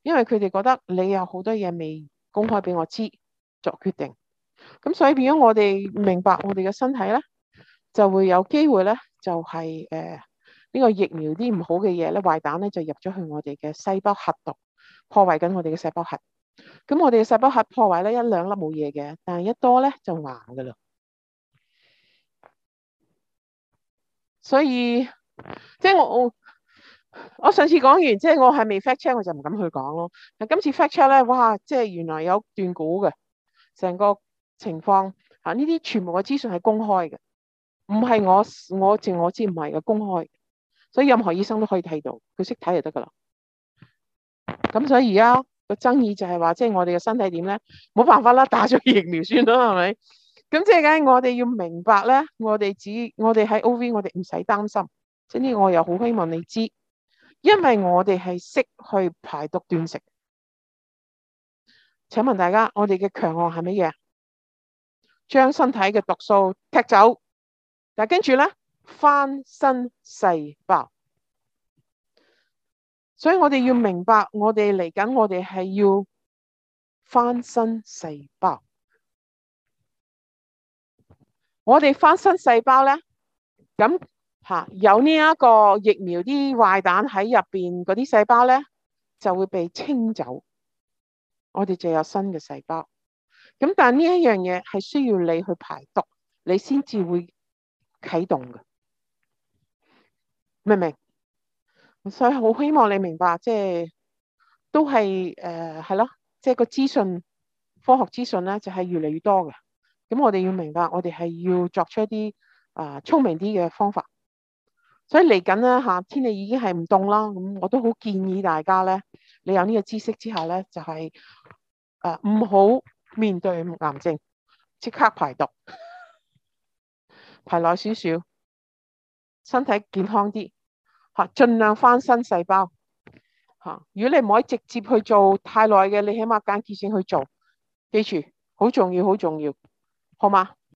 因為佢哋覺得你有好多嘢未公開俾我知作決定。咁所以變咗我哋明白我哋嘅身體咧，就會有機會咧就係誒呢個疫苗啲唔好嘅嘢咧，壞蛋咧就入咗去我哋嘅細胞核度，破壞緊我哋嘅細胞核。咁我哋嘅細胞核破壞咧一兩粒冇嘢嘅，但係一多咧就壞噶啦。所以即係我我我上次講完，即係我係未 fact check 我就唔敢去講咯。但今次 fact check 咧，哇！即係原來有斷估嘅，成個情況吓呢啲全部嘅資訊係公開嘅，唔係我我淨我知唔係嘅公開。所以任何醫生都可以睇到，佢識睇就得噶啦。咁所以而家個爭議就係話，即係我哋嘅身體點咧？冇辦法啦，打咗疫苗算啦，係咪？咁即係梗係我哋要明白咧，我哋只我哋喺 O V，我哋唔使擔心。即係呢，我又好希望你知道，因為我哋係識去排毒斷食。請問大家，我哋嘅強項係乜嘢？將身體嘅毒素踢走，但跟住咧。翻新細胞，所以我哋要明白，我哋嚟緊，我哋係要翻新細胞。我哋翻新細胞咧，咁吓有呢一個疫苗啲壞蛋喺入邊嗰啲細胞咧，就會被清走。我哋就有新嘅細胞。咁但呢一樣嘢係需要你去排毒，你先至會啟動嘅。明唔明？所以好希望你明白，即係都係誒，係咯，即係個資訊、科學資訊咧，就係越嚟越多嘅。咁我哋要明白，我哋係要作出一啲啊聰明啲嘅方法。所以嚟緊咧吓，天氣已經係唔凍啦。咁我都好建議大家咧，你有呢個知識之下咧，就係誒唔好面對癌症，即刻排毒，排耐少少，身體健康啲。盡盡量翻新細胞。如果你唔可以直接去做太耐嘅，你起碼間歇性去做。記住，好重，重要，好重要，好嗎？